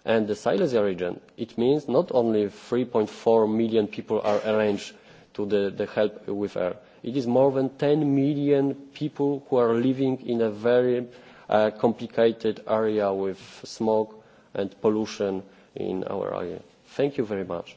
and the Silesia region, it means not only 3.4 million people are arranged to the, the help with air. It is more than 10 million people who are living in a very uh, complicated area with smog and pollution in our area. Thank you very much.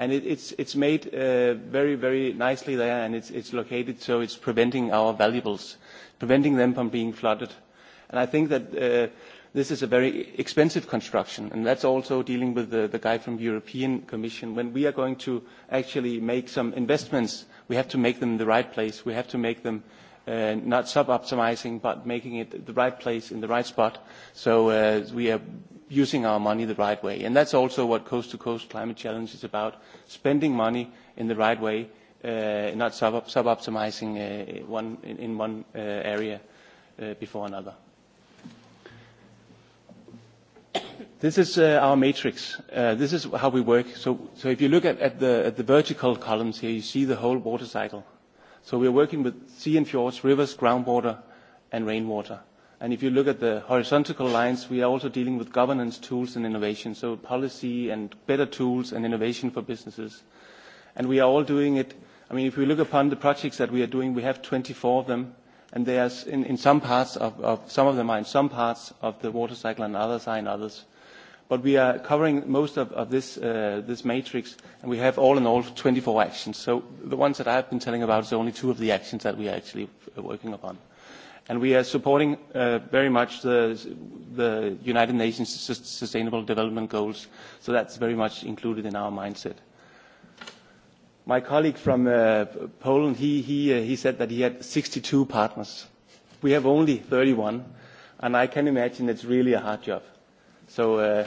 and it, it's, it's made uh, very, very nicely there, and it's, it's located so it's preventing our valuables, preventing them from being flooded. And I think that uh, this is a very expensive construction, and that's also dealing with the, the guy from the European Commission. When we are going to actually make some investments, we have to make them in the right place. We have to make them Uh, not sub-optimizing, but making it the right place in the right spot. So uh, we are using our money the right way. And that's also what Coast to Coast Climate Challenge is about, spending money in the right way, uh, not sub optimizing uh, one, in, in one uh, area uh, before another. This is uh, our matrix. Uh, this is how we work. So, so if you look at, at, the, at the vertical columns here, you see the whole water cycle. So we are working with sea and fjords, rivers, groundwater, and rainwater. And if you look at the horizontal lines, we are also dealing with governance tools and innovation, so policy and better tools and innovation for businesses. And we are all doing it. I mean, if we look upon the projects that we are doing, we have 24 of them, and they are in, in some parts of, of some of them are in some parts of the water cycle, and others are in others but we are covering most of, this, uh, this matrix, and we have all in all 24 actions. So the ones that I've been telling about is only two of the actions that we are actually uh, working upon. And we are supporting uh, very much the, the United Nations Sustainable Development Goals, so that's very much included in our mindset. My colleague from uh, Poland, he, he, uh, he said that he had 62 partners. We have only 31, and I can imagine it's really a hard job. So uh,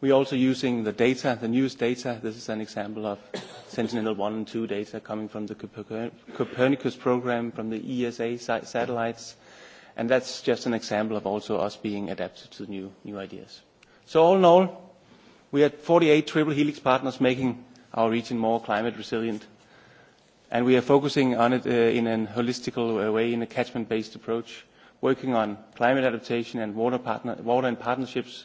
We're also using the data, the newest data. This is an example of Sentinel-1 and 2 data coming from the Copernicus program, from the ESA satellites. And that's just an example of also us being adapted to new, new ideas. So all in all, we had 48 triple helix partners making our region more climate resilient. And we are focusing on it uh, in a holistical uh, way, in a catchment-based approach, working on climate adaptation and water, partner, water and partnerships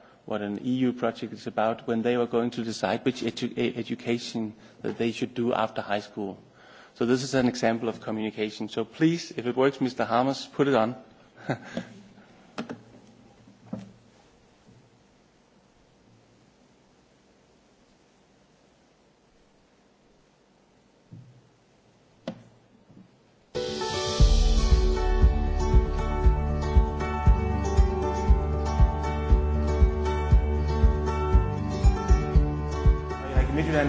what an EU project is about when they were going to decide which edu e, education that they should do after high school. So this is an example of communication. So please, if it works, Mr. Harmers, put it on.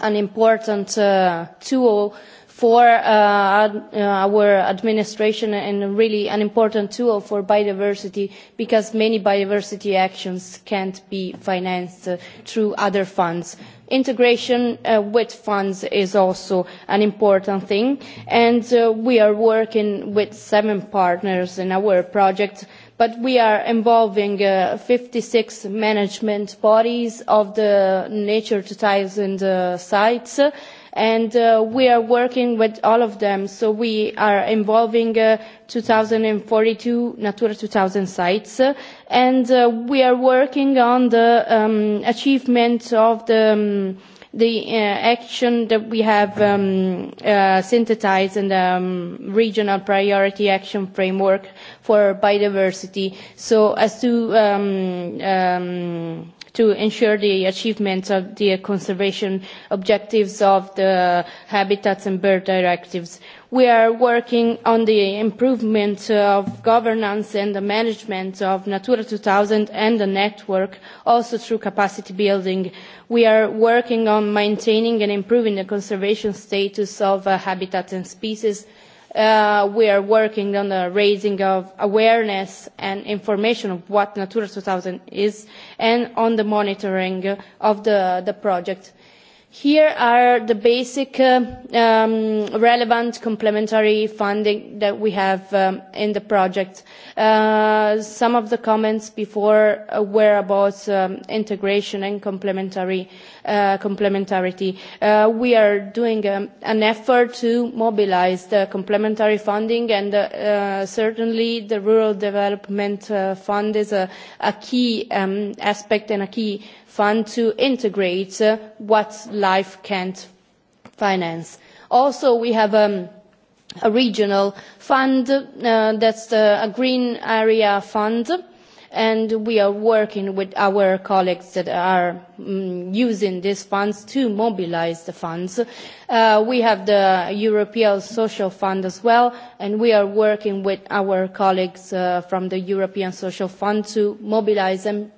an important uh, tool for uh, uh, our administration and really an important tool for biodiversity because many biodiversity actions can't be financed uh, through other funds. Integration uh, with funds is also an important thing and uh, we are working with seven partners in our project but we are involving uh, 56 management bodies of the Nature 2000 uh, sites, and uh, we are working with all of them. So we are involving uh, 2042 Natura 2000 sites, and uh, we are working on the um, achievement of the um, the uh, action that we have um, uh, synthesized in the um, regional priority action framework for biodiversity so as to um, um, to ensure the achievements of the conservation objectives of the habitats and bird directives. Uh, We are working on the improvement of governance and the management of Natura 2000 and the network, also through capacity building. We are working on maintaining and improving the conservation status of uh, habitats and species. Uh, we are working on the raising of awareness and information of what Natura 2000 is and on the monitoring of the, the project Here are the basic uh, um, relevant complementary funding that we have um, in the project. Uh, some of the comments before uh, were about um, integration and complementary, uh, complementarity. Uh, we are doing um, an effort to mobilize the complementary funding and uh, certainly the Rural Development uh, Fund is a, a key um, aspect and a key fund to integrate uh, what life can't finance. Also, we have um, a regional fund, uh, that's the, a green area fund, and we are working with our colleagues that are um, using these funds to mobilise the funds. Uh, we have the European Social Fund as well, and we are working with our colleagues uh, from the European Social Fund to mobilise and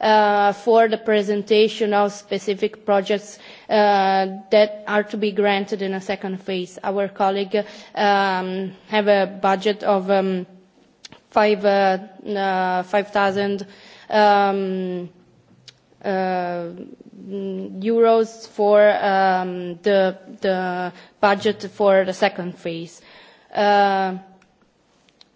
uh, for the presentation of specific projects uh, that are to be granted in a second phase. Our colleague um, have a budget of um, five uh, uh, thousand um, uh, euros for um, the the budget for the second phase. Uh,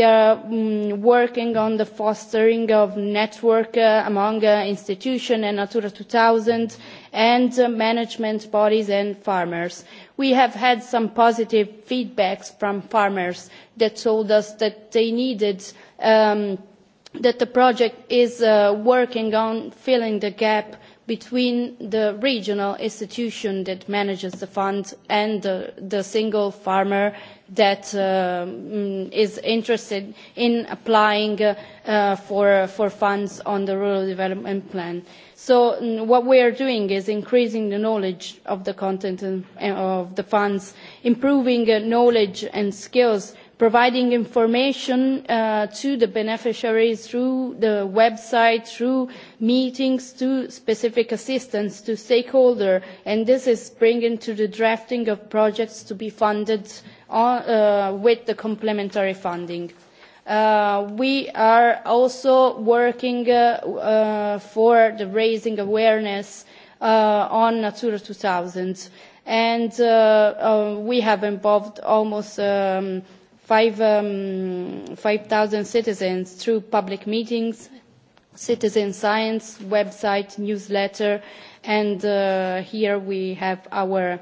They are um, mm, working on the fostering of network uh, among uh, institutions and Natura 2000 and uh, management bodies and farmers. We have had some positive feedbacks from farmers that told us that they needed um, that the project is uh, working on filling the gap between the regional institution that manages the fund and the, the single farmer that uh, mm, is interested in applying uh, for, for funds on the rural development plan. So mm, what we are doing is increasing the knowledge of the content and, of the funds, improving uh, knowledge and skills, providing information uh, to the beneficiaries through the website, through meetings, to specific assistance to stakeholders, and this is bringing to the drafting of projects to be funded uh, on, uh, with the complementary funding. Uh, we are also working uh, uh, for the raising awareness uh, on Natura 2000. And uh, uh, we have involved almost um, 5,000 um, 5, citizens through public meetings, citizen science, website, newsletter, and uh, here we have our,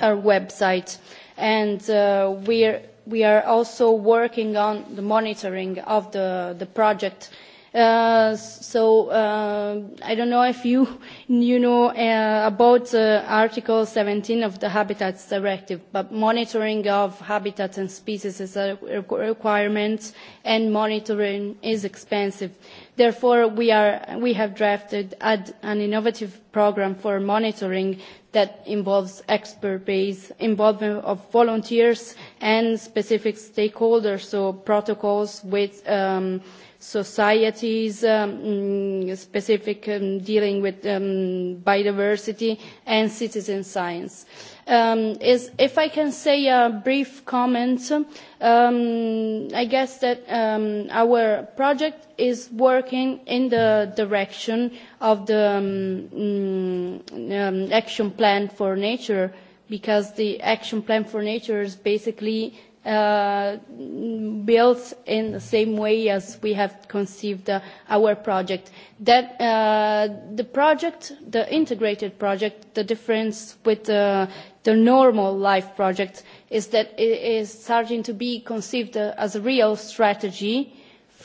our website. Uh, and uh, we, are, we are also working on the monitoring of the, the project. Uh, so uh, I don't know if you, you know uh, about uh, Article 17 of the Habitats Directive, but monitoring of habitats and species is a requirement, and monitoring is expensive. Therefore, we, are, we have drafted ad, an innovative programme for monitoring that involves expert base involvement of volunteers and specific stakeholders, so protocols with um, societies, um, mm, specific um, dealing with um, biodiversity and citizen science. Uh, um, is if I can say a brief comment, um, I guess that um, our project is working in the direction of the um, mm, um, action plan for nature because the action plan for nature is basically uh, built in the same way as we have conceived uh, our project. That uh, the project, the integrated project, the difference with the uh, the normal life project is that it is starting to be conceived as a real strategy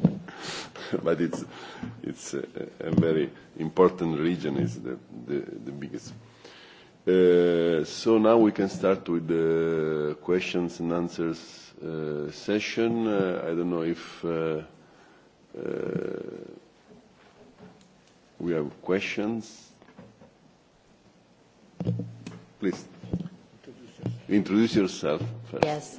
but it's, it's a, a very important region, is the, the, the biggest. Uh, so now we can start with the questions and answers uh, session. Uh, I don't know if uh, uh, we have questions. Please, introduce yourself first. Yes.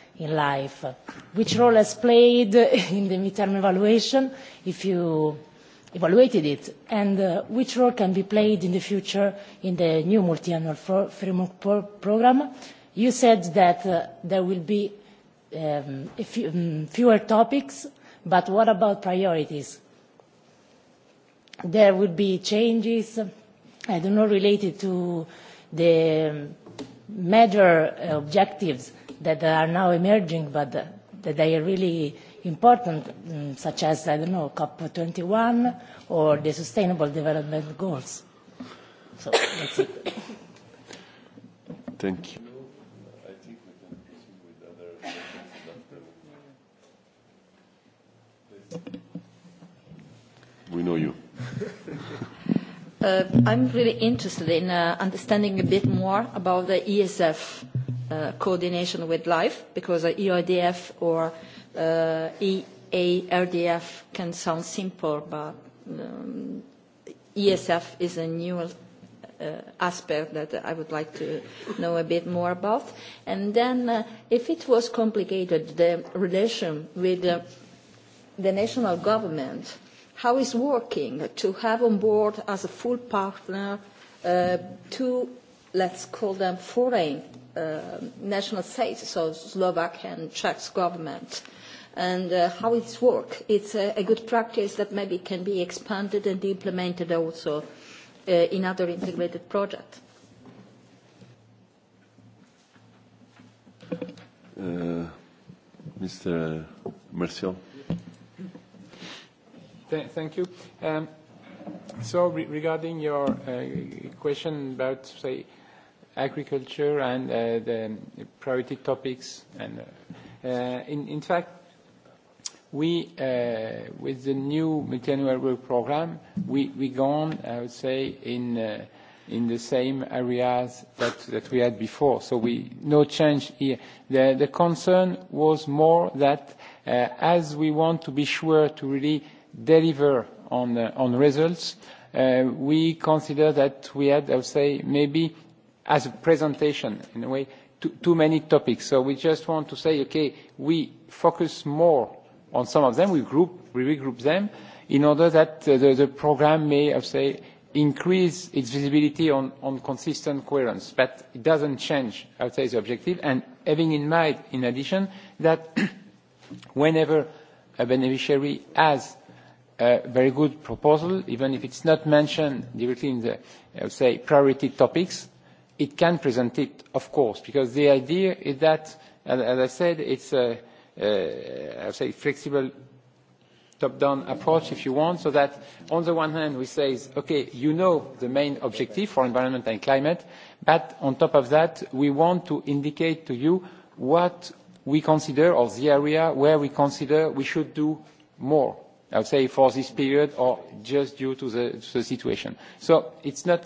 in life. Which role has played in the midterm evaluation, if you evaluated it, and uh, which role can be played in the future in the new multiannual framework pro programme? You said that uh, there will be um, few, um, fewer topics, but what about priorities? There will be changes, I don't know, related to the major uh, objectives that are now emerging, but that they are really important, mm, such as, I don't know, COP21 or the Sustainable Development Goals. So that's it. Thank you. We know you. uh, I'm really interested in uh, understanding a bit more about the ESF Uh, coordination with LIFE, because the EIDF or uh, e can sound simple, but um, ESF is a new uh, aspect that I would like to know a bit more about. And then uh, if it was complicated, the relation with uh, the national government, how is working to have on board as a full partner uh, two, let's call them foreign uh, national states, so Slovak and Czech government, and uh, how it's work. It's a, a good practice that maybe can be expanded and implemented also uh, in other integrated projects. Uh, Mr. Martial. Th thank you. Um, so re regarding your uh, question about, say, agriculture and uh, the um, priority topics. And uh, uh, in, in fact, we, uh, with the new multi-annual work program, we, we gone, I would say, in, uh, in the same areas that, that we had before. So we, no change here. The, the concern was more that uh, as we want to be sure to really deliver on, uh, on results, uh, we consider that we had, I would say, maybe as a presentation in a way too, too many topics. So we just want to say, okay, we focus more on some of them, we group, we regroup them in order that uh, the, the program may, I say, increase its visibility on, on consistent coherence. But it doesn't change, I would say, the objective. And having in mind, in addition, that whenever a beneficiary has a very good proposal, even if it's not mentioned directly in the, I would say, priority topics, it can present it, of course, because the idea is that, as I said, it's a, say, flexible top-down approach, if you want, so that on the one hand, we say, "Okay, you know the main objective for environment and climate, but on top of that, we want to indicate to you what we consider or the area where we consider we should do more, I would say, for this period or just due to the, to the situation." So it's not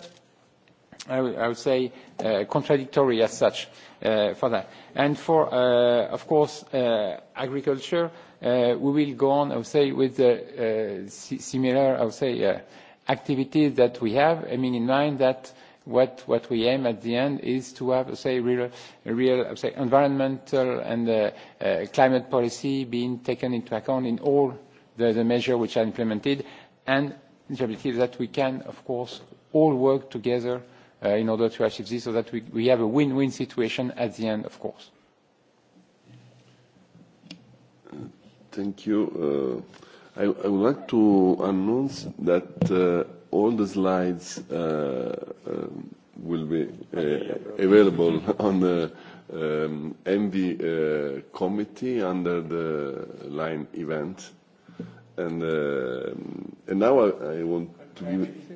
i would, I would say, uh, contradictory as such uh, for that. And for, uh, of course, uh, agriculture, uh, we will go on, I would say, with the uh, uh similar, I would say, uh, activities that we have, I mean, in mind that what, what we aim at the end is to have, say, real, real I would say, environmental and uh, uh, climate policy being taken into account in all the, the measures which are implemented, and the objective that we can, of course, all work together Uh, in order to achieve this so that we, we have a win-win situation at the end, of course. Thank you. Uh, I, I would like to announce that uh, all the slides uh, uh, will be uh, available on the um, MV uh, committee under the line event. And, uh, and now I, I want to give...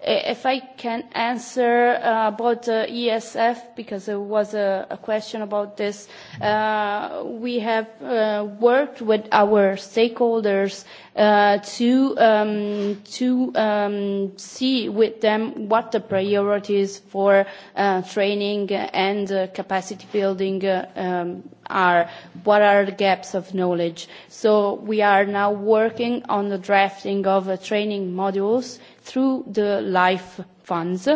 Uh, if I can answer uh, about the ESF, because there was a, a question about this, uh, we have uh, worked with our stakeholders uh, to, um, to um, see with them what the priorities for uh, training and uh, capacity building uh, um, are, what are the gaps of knowledge. So we are now working on the drafting of uh, training modules through the life funds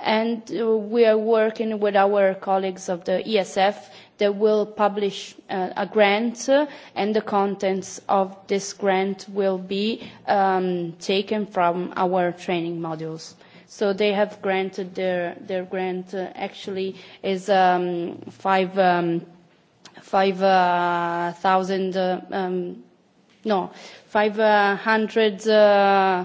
and uh, we are working with our colleagues of the ESF that will publish uh, a grant uh, and the contents of this grant will be um, taken from our training modules. So they have granted their, their grant uh, actually is um, five, um, five uh, thousand, uh, um, no, five uh, hundred uh,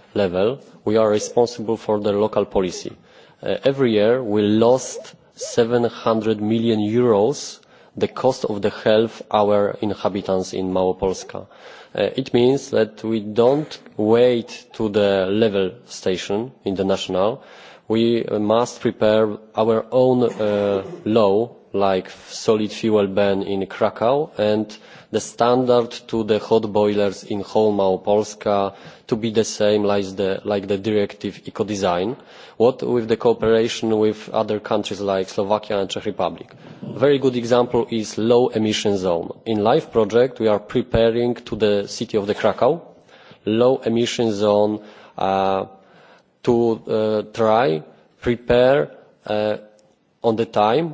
level we are responsible for the local policy. Uh, every year we lost eur seven hundred million euros the cost of the health of our inhabitants in Małopolska. Uh, it means that we don't wait to the level station international. We must prepare our own uh, law, like solid fuel ban in Krakow and the standard to the hot boilers in Holma or Polska to be the same like the, like the directive design. What with the cooperation with other countries like Slovakia and Czech Republic? A very good example is low emission zone. In LIFE project, we are preparing to the city of the Krakow low emission zone uh, to uh, try prepare uh, on the time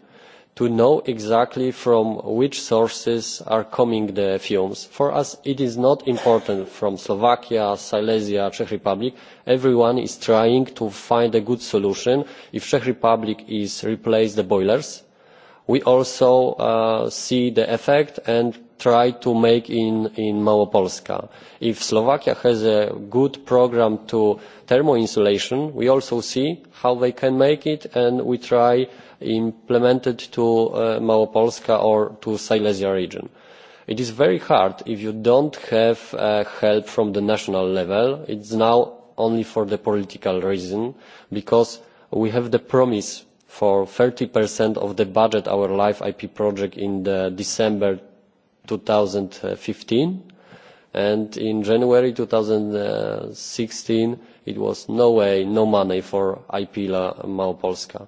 to know exactly from which sources are coming the fumes. for us it is not important from slovakia silesia or the czech republic everyone is trying to find a good solution. if the czech republic is replace the boilers we also uh, see the effect and try to make it in, in małopolska. if slovakia has a good programme for thermo insulation we also see how they can make it and we try implemented to uh, Małopolska or to Silesia region. It is very hard if you don't have uh, help from the national level. It's now only for the political reason because we have the promise for 30% of the budget our life IP project in the December fifteen and in January sixteen it was no way, no money for IPLA Małopolska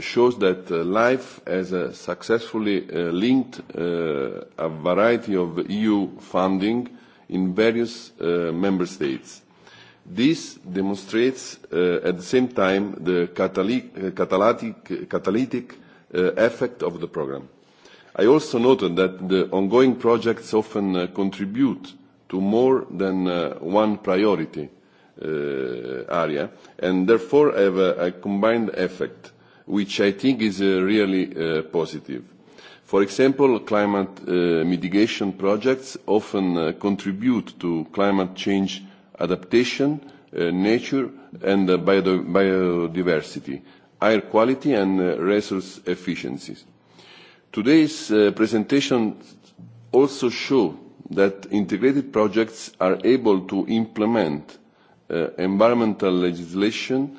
shows that uh, LIFE has uh, successfully uh, linked uh, a variety of EU funding in various uh, member states. This demonstrates uh, at the same time the catalytic, catalytic, catalytic uh, effect of the programme. I also noted that the ongoing projects often uh, contribute to more than uh, one priority uh, area and therefore have a, a combined effect which I think is uh, really uh, positive. For example, climate uh, mitigation projects often contribute to climate change adaptation, nature and biodiversity, air quality and resource efficiencies. Today's presentation also show that integrated projects are able to implement environmental legislation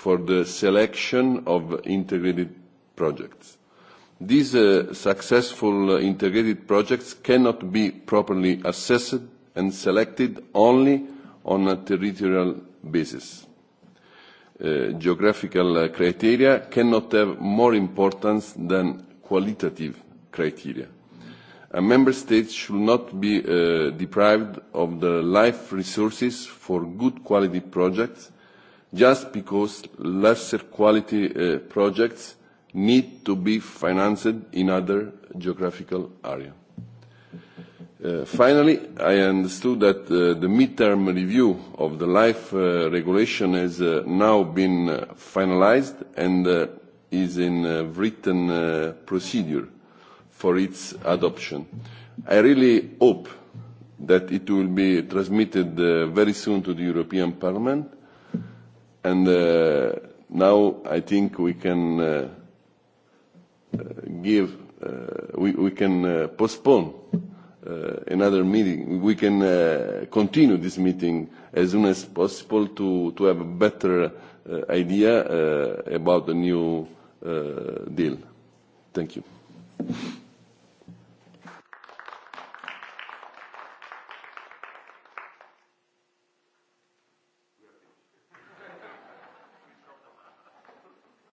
for the selection of integrated projects. These uh, successful uh, integrated projects cannot be properly assessed and selected only on a territorial basis. Uh, geographical uh, criteria cannot have more importance than qualitative criteria. A member state should not be uh, deprived of the life resources for good quality projects just because lesser quality uh, projects need to be financed in other geographical areas. Uh, finally, I understood that uh, the midterm review of the life uh, regulation has uh, now been uh, finalized and uh, is in uh, written uh, procedure for its adoption. I really hope that it will be transmitted uh, very soon to the European Parliament And uh, now I think we can uh, uh, give, uh, we, we can uh, postpone uh, another meeting. We can uh, continue this meeting as soon as possible to, to have a better uh, idea uh, about the new uh, deal. Thank you.